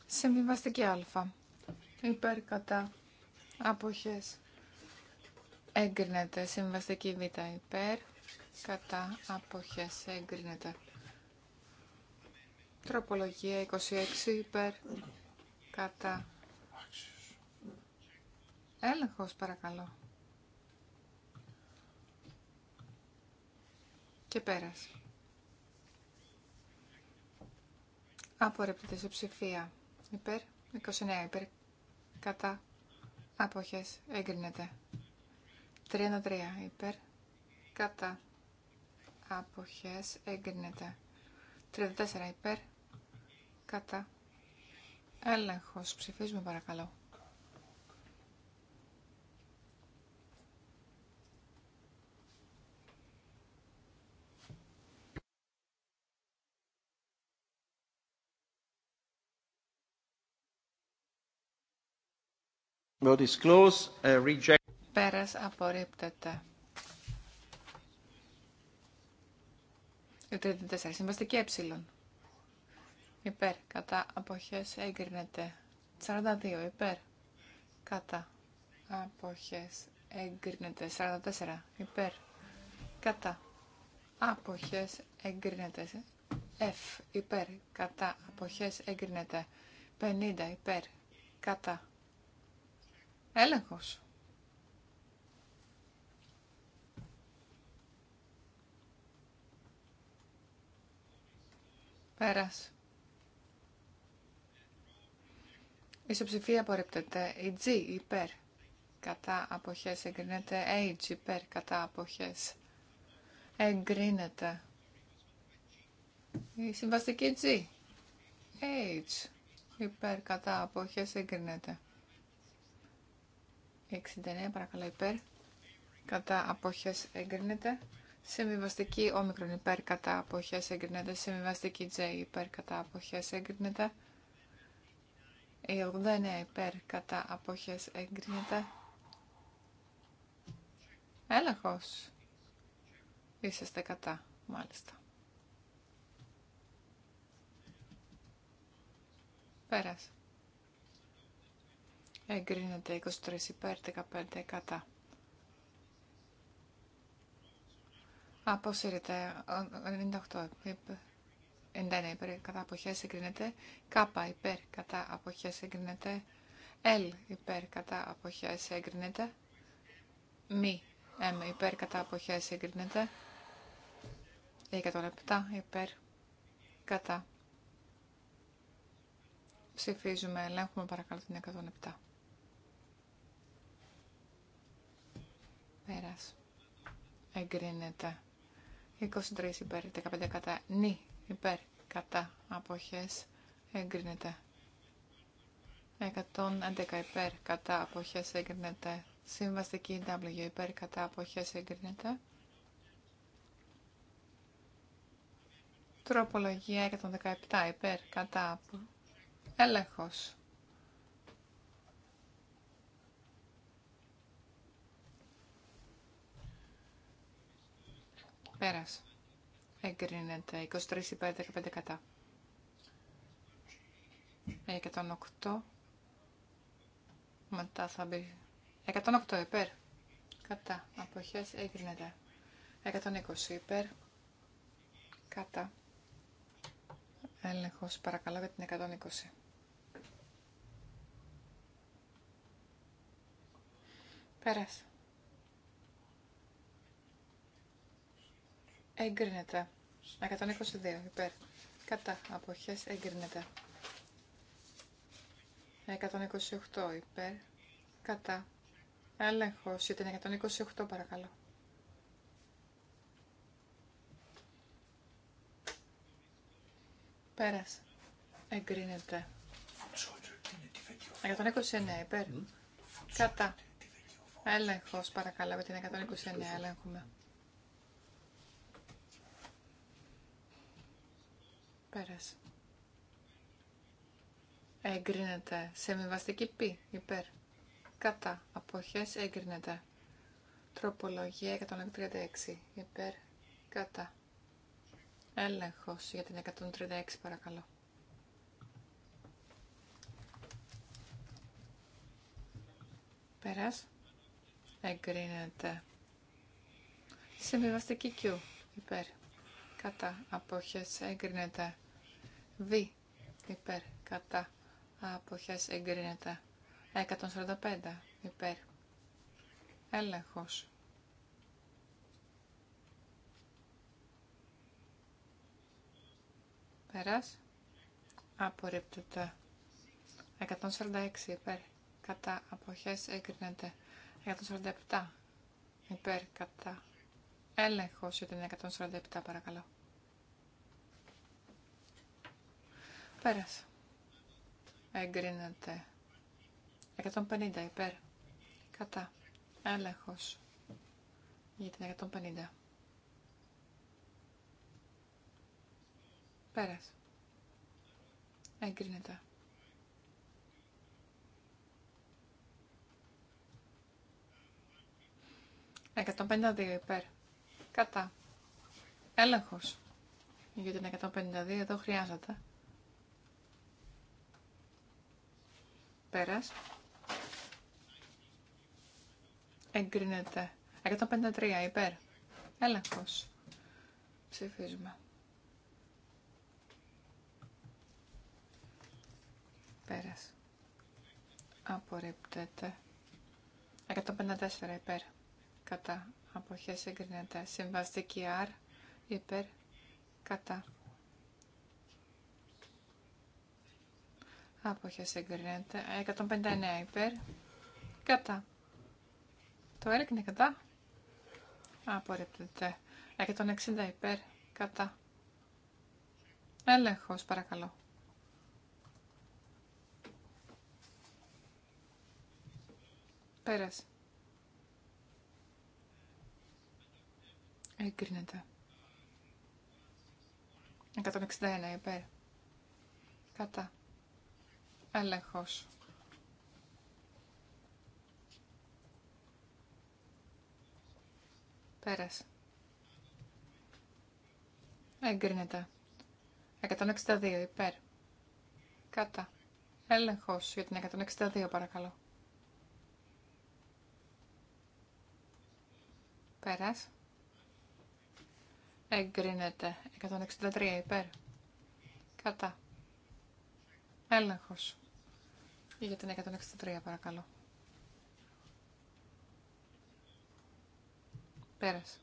Συμβιβαστική α. Υπέρ κατά αποχές Εγκρίνεται. Συμβαστική Β υπέρ. Κατά αποχές εγκρίνεται. Τροπολογία 26 υπέρ. Κατά. Έλεγχος παρακαλώ. Και πέρασε. Απορρέπτεται σε ψηφία. Υπέρ. 29 υπέρ. Κατά. Αποχές εγκρίνεται. 33 υπέρ κατά αποχές εγκρίνεται 34 υπέρ κατά έλεγχος ψηφίζουμε παρακαλώ Vote is closed. Uh, reject. Πέρας απορρίπτεται. 34. Συμβαστική έψιλον. Ε. Υπέρ. Κατά. Αποχές έγκρινεται. 42. Υπέρ. Κατά. Αποχές εγκρίνεται. 44. Υπέρ. Κατά. Αποχές εγκρίνεται. F. Υπέρ. Κατά. Αποχές εγκρίνεται. 50. Υπέρ. Κατά. Έλεγχος. Πέρας. Ισοψηφία απορρίπτεται. Η G υπέρ. Κατά αποχές εγκρίνεται. H ε, υπέρ. Κατά αποχές εγκρίνεται. Η συμβαστική G. Ε, H υπέρ. Κατά αποχές εγκρίνεται. 69 παρακαλώ υπέρ. Κατά αποχές εγκρίνεται. Συμβιβαστική όμικρον υπέρ κατά αποχές εγκρίνεται. Συμβιβαστική J υπέρ κατά αποχές εγκρίνεται. Η 89 υπέρ κατά αποχές εγκρίνεται. Έλεγχος. Είσαστε κατά, μάλιστα. Πέρασε. Εγκρίνεται 23 υπέρ 15 κατά. Αποσύρεται. 98 99 υπέρ κατά αποχέ εγκρίνεται. Κάπα υπέρ κατά αποχέ εγκρίνεται. Λ υπέρ κατά αποχέ εγκρίνεται. Μ, εμ υπέρ κατά αποχέ εγκρίνεται. 107 υπέρ κατά. Ψηφίζουμε, ελέγχουμε παρακαλώ την 107. Πέρας. Εγκρίνεται. 23 υπέρ, 15 κατά, νη υπέρ, κατά, αποχές, εγκρίνεται. 111 υπέρ, κατά, αποχές, εγκρίνεται. Συμβαστική W υπέρ, κατά, αποχές, εγκρίνεται. Τροπολογία 117 υπέρ, κατά, έλεγχος. Πέρασε. Εγκρίνεται. 23 υπέρ 15 κατά. 108. Μετά θα μπει. 108 υπέρ. Κατά. Αποχές εγκρίνεται. 120 υπέρ. Κατά. Έλεγχος παρακαλώ για την 120. Πέρασε. Εγκρίνεται. 122 υπέρ. Κατά. Αποχές εγκρίνεται. 128 υπέρ. Κατά. Έλεγχος για 128 παρακαλώ. Πέρας. Εγκρίνεται. 129 υπέρ. Κατά. Έλεγχος παρακαλώ για 129 έλεγχουμε. Πέρας. Εγκρίνεται. Σεμιβαστική πι. Υπέρ. Κατά. Αποχές. Εγκρίνεται. Τροπολογία 136. Υπέρ. Κατά. Έλεγχος για την 136 παρακαλώ. Πέρας. Εγκρίνεται. σεμιβαστική Q. Υπέρ κατά αποχές εγκρίνεται. Β υπέρ κατά αποχές εγκρίνεται. 145 υπέρ. Έλεγχος. Πέρας. Απορρίπτεται. 146 υπέρ. Κατά αποχές εγκρίνεται. 147 υπέρ. Κατά Έλεγχο για την 147 παρακαλώ. Πέρασε. Εγκρίνεται. 150 υπέρ. Κατά. Έλεγχο. για την 150. Πέρασε. Εγκρίνεται. 152 υπέρ. Κατά. Έλεγχος. Για την 152 εδώ χρειάζεται. Πέρας. Εγκρίνεται. 153 υπέρ. Έλεγχος. Ψηφίζουμε. Πέρας. Απορρίπτεται. 154 υπέρ. Κατά αποχές εγκρίνεται. Συμβαστική R υπέρ κατά. Αποχές εγκρίνεται. 159 υπέρ κατά. Το ΕΡΚ είναι κατά. Απορρίπτεται. 160 υπέρ κατά. Έλεγχος παρακαλώ. Πέρασε. Εγκρίνεται. 161 υπέρ. Κατά. Έλεγχος. Πέρασε. Εγκρίνεται. 162 υπέρ. Κατά. Έλεγχος για την 162 παρακαλώ. Πέρας. Εγκρίνεται. 163 υπέρ. Κατά. Έλεγχος. Για την 163 παρακαλώ. Πέρασε.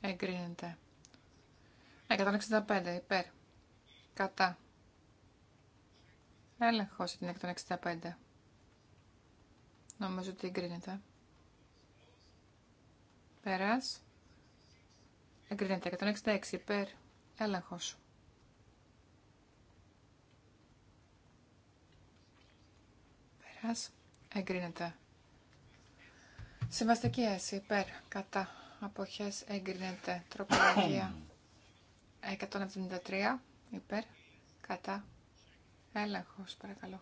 Εγκρίνεται. 165 υπέρ. Κατά. Έλεγχος για την 165. Νομίζω ότι εγκρίνεται. Πέρας. Εγκρίνεται 166 υπέρ. Έλεγχος. Πέρας. Εγκρίνεται. Συμβαστική αίσθηση υπέρ. Κατά. Αποχές εγκρίνεται. Τροπολογία 173 υπέρ. Κατά. Έλεγχος παρακαλώ.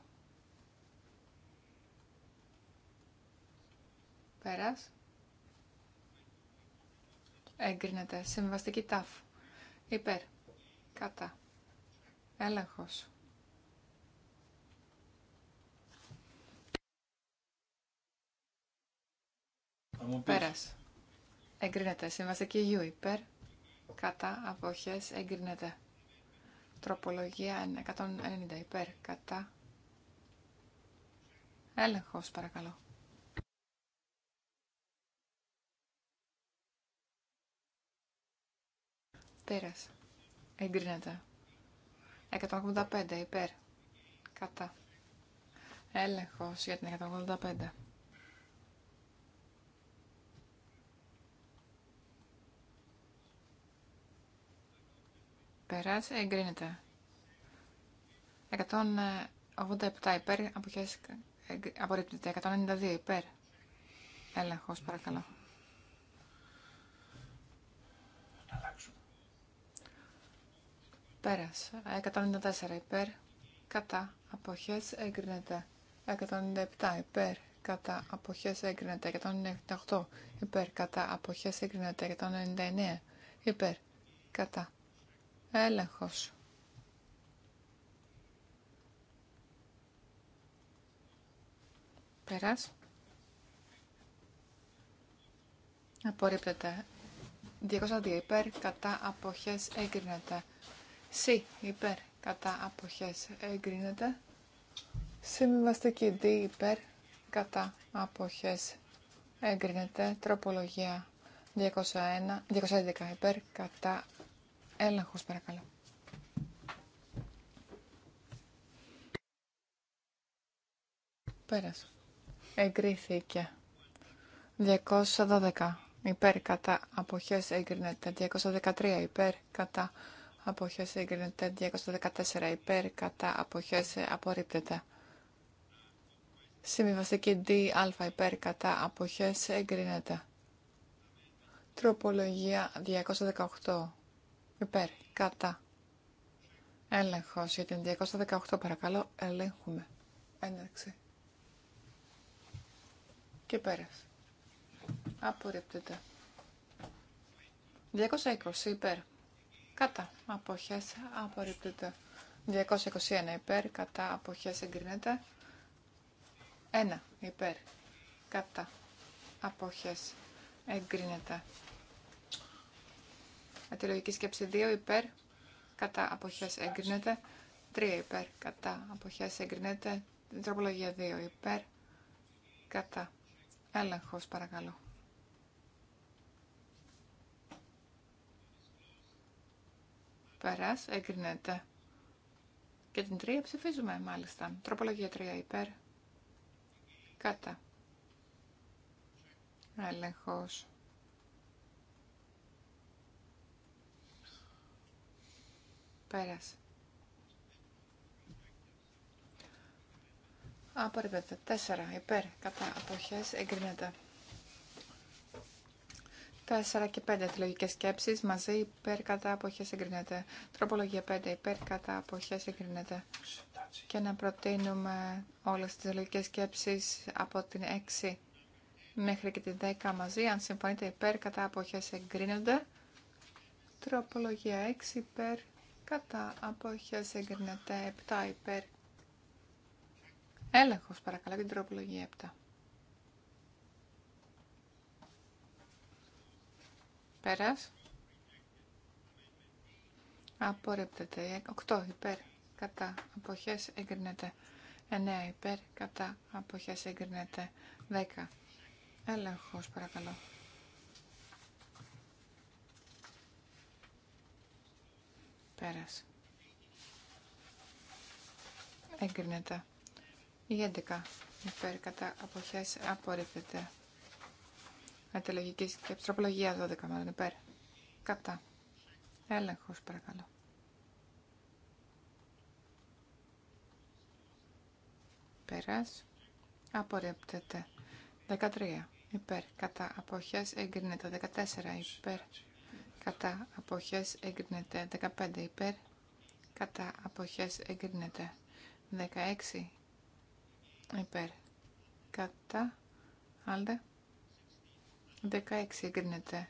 Πέρας. Εγκρίνεται. Συμβαστική τάφ. Υπέρ. Κατά. Έλεγχος. Πέρας. Εγκρίνεται. Συμβαστική γιου. Υπέρ. Κατά. Αποχές. Εγκρίνεται. Τροπολογία 190. Υπέρ. Κατά. Έλεγχος παρακαλώ. Πέρας. Εγκρίνεται. 185 υπέρ. Κατά. Έλεγχο για την 185. Πέρας. Εγκρίνεται. 187 υπέρ. αποχέσεις, Απορρίπτεται. 192 υπέρ. Έλεγχος παρακαλώ. Πέρας. 194 υπέρ. Κατά. Αποχές έγκρινεται. 197 υπέρ. Κατά. Αποχές έγκρινεται. 198 υπέρ. Κατά. Αποχές έγκρινεται. 199 υπέρ. Κατά. Έλεγχος. Πέρας. Απορρίπτεται. 202 υπέρ. Κατά. Αποχές έγκρινεται. Σι, υπέρ, κατά αποχές εγκρίνεται. Συμβαστική δι, υπέρ, κατά αποχές εγκρίνεται. Τροπολογία 201, 211 υπέρ, κατά έλεγχος παρακαλώ. Πέρασε. Εγκρίθηκε. 212 υπέρ κατά αποχές εγκρίνεται. 213 υπέρ κατά αποχές εγκρίνεται 214 υπέρ κατά αποχές απορρίπτεται συμβιβαστική D α υπέρ κατά αποχές εγκρίνεται τροπολογία 218 υπέρ κατά έλεγχος για την 218 παρακαλώ ελέγχουμε έναρξη και πέρας απορρίπτεται 220 υπέρ κατά αποχές απορρίπτεται. 221 υπέρ, κατά αποχές εγκρίνεται. 1 υπέρ, κατά αποχές εγκρίνεται. Ατυλογική σκέψη 2 υπέρ, κατά αποχές εγκρίνεται. 3 υπέρ, κατά αποχές εγκρίνεται. Τροπολογία 2 υπέρ, κατά έλεγχος παρακαλώ. Πέρας, εγκρινέται. Και την τρία ψηφίζουμε, μάλιστα. Τροπολογία τρία υπέρ. Κατά. Έλεγχος. Πέρας. Απορριβέται. τέσσερα υπέρ. Κατά αποχές εγκρινέται. 4 και 5 αιτιολογικές σκέψεις μαζί υπέρ κατά αποχές εγκρίνεται. Τροπολογία 5 υπέρ κατά αποχές εγκρίνεται. Και να προτείνουμε όλες τις λογικέ σκέψεις από την 6 μέχρι και την 10 μαζί. Αν συμφωνείτε υπέρ κατά αποχές εγκρίνονται. Τροπολογία 6 υπέρ κατά αποχές εγκρίνεται. 7 υπέρ. Έλεγχο παρακαλώ την τροπολογία 7. Πέρας. Απορρίπτεται. 8 υπέρ. Κατά αποχές εγκρίνεται. 9 υπέρ. Κατά αποχές εγκρίνεται. 10. Έλεγχος παρακαλώ. Πέρας. Εγκρίνεται. Η 11 υπέρ κατά αποχές απορρίπτεται λογική σκέψη. Τροπολογία 12 μάλλον υπέρ. Κατά. Έλεγχο παρακαλώ. Πέρα. Απορρίπτεται. 13. Υπέρ. Κατά αποχέ εγκρίνεται. 14. Υπέρ. Κατά αποχέ εγκρίνεται. 15. Υπέρ. Κατά αποχέ εγκρίνεται. 16. Υπέρ. Κατά. Άλτε. 16 εγκρίνεται.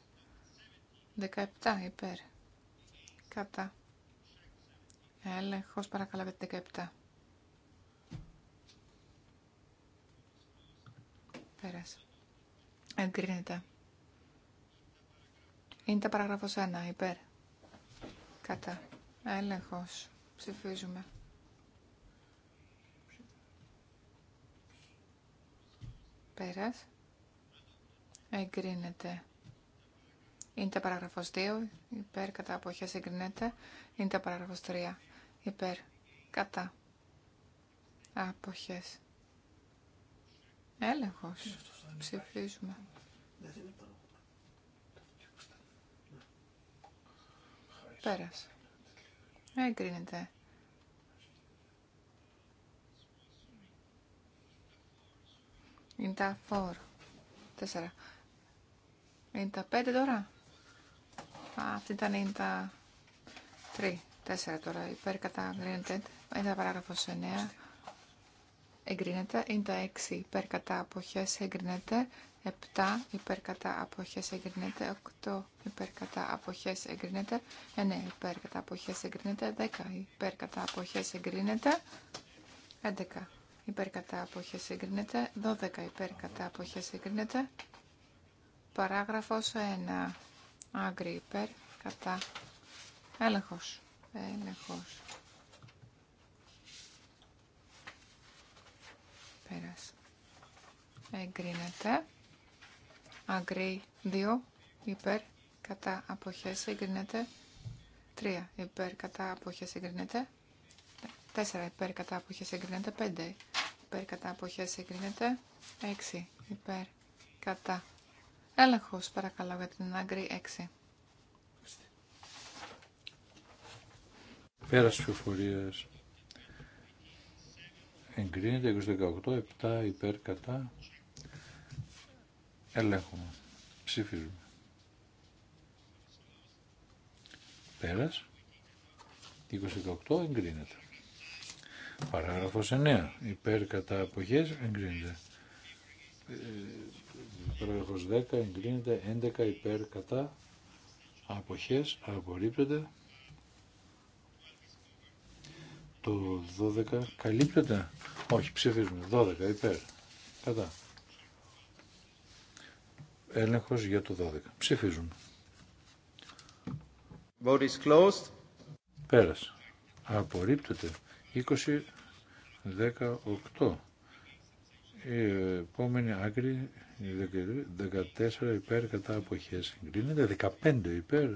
17 υπέρ. Κατά. Έλεγχος την 17. Πέρασε. Εγκρίνεται. Είναι τα παραγράφος 1 υπέρ. Κατά. Έλεγχος. Ψηφίζουμε. Πέρασε εγκρίνεται. Είναι τα παράγραφο 2, υπέρ κατά αποχές εγκρίνεται. Είναι τα παράγραφο 3, υπέρ κατά αποχές. Έλεγχος. Ψηφίζουμε. Ναι, ναι. Πέρασε. Εγκρίνεται. Είναι τα 4. 4. 95 τώρα. Α, αυτή ήταν 93. 4 τώρα. Υπέρ κατά Είναι 1 παράγραφος 9. Εγκρίνεται. 6 υπέρ κατά αποχές εγκρίνεται. 7 υπέρ κατά αποχές εγκρίνεται, 8 υπέρ κατά αποχές εγκρίνεται, 9 υπέρ κατά αποχές εγκρίνεται, 10 υπέρ κατά αποχές εγκρίνεται, 11 υπέρ κατά αποχές εγκρίνεται, 12 υπέρ κατά αποχές εγκρίνεται, Παράγραφος 1. Άγκρι υπέρ. Κατά. Έλεγχος. Έλεγχος. Πέρας. Εγκρίνεται. Άγκρι 2. Υπέρ. Κατά αποχές εγκρίνεται. 3. Υπέρ κατά αποχές εγκρίνεται. 4. Υπέρ κατά αποχές εγκρίνεται. 5. Υπέρ κατά αποχές εγκρίνεται. 6. Υπέρ κατά Έλεγχος, παρακαλώ, για την άγκρη 6. Πέρας Εγκρίνανται 28-7 υπέρτα. Εγκρίνεται 28 7 υπέρ κατά. Ελέγχουμε. Ψηφίζουμε. Πέρας. 28 εγκρίνεται. Παράγραφος 9. Υπέρ κατά αποχές εγκρίνεται. Ε, Παραγραφός 10 εγκρίνεται 11 υπέρ κατά αποχές απορρίπτεται το 12 καλύπτεται όχι ψηφίζουμε 12 υπέρ κατά έλεγχος για το 12 ψηφίζουμε Vote is closed. Πέρασε. Απορρίπτεται. 20-18. Ε, επόμενη άκρη 14 υπέρ κατά αποχές εγκρίνεται 15 υπέρ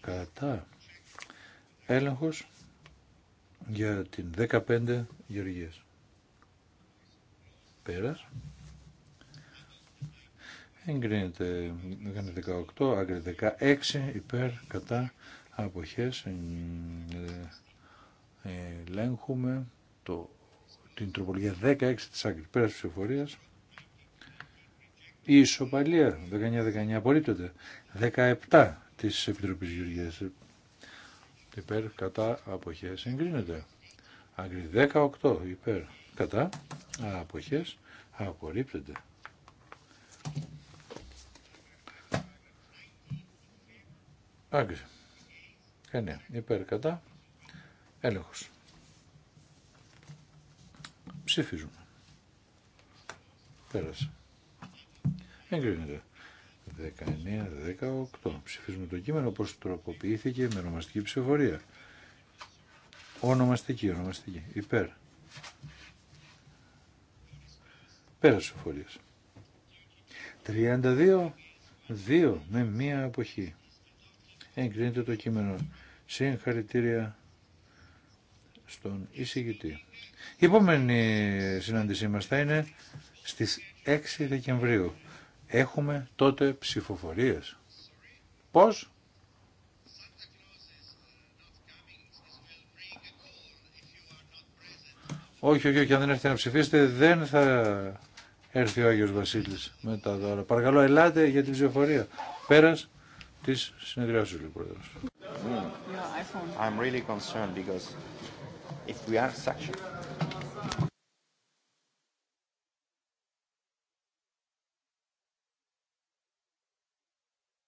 κατά έλεγχος για την 15 γεωργίες πέρας εγκρίνεται 18 άκρη 16 υπέρ κατά αποχές ε, ε, ελέγχουμε το την τροπολογία 16 της άκρης πέρας της ψηφοφορίας. Η ισοπαλία 19-19 απορρίπτεται. 17 της Επιτροπής Γεωργίας. Υπέρ, κατά, αποχές, εγκρίνεται. Άγκρι 18 υπέρ, κατά, αποχές, απορρίπτεται. 9 ε, ναι, υπέρ, κατά, έλεγχος. Ψηφίζουμε. Πέρασε. Εγκρίνεται. 19-18. Ψηφίζουμε το κείμενο όπως τροποποιήθηκε με ονομαστική ψηφορία. Ονομαστική, ονομαστική. Υπέρ. Πέρασε ο φοριας 32 32-2 με μία αποχή. Εγκρίνεται το κείμενο. Συγχαρητήρια στον εισηγητή. Η επόμενη συνάντησή μας θα είναι στις 6 Δεκεμβρίου. Έχουμε τότε ψηφοφορίες. Πώς? Όχι, όχι, όχι, αν δεν έρθει να ψηφίσετε δεν θα έρθει ο Άγιος Βασίλης με τα δώρα. Παρακαλώ, ελάτε για την ψηφοφορία. Πέρας της συνεδριάσεως, λοιπόν. Mm. I'm really concerned because if we are such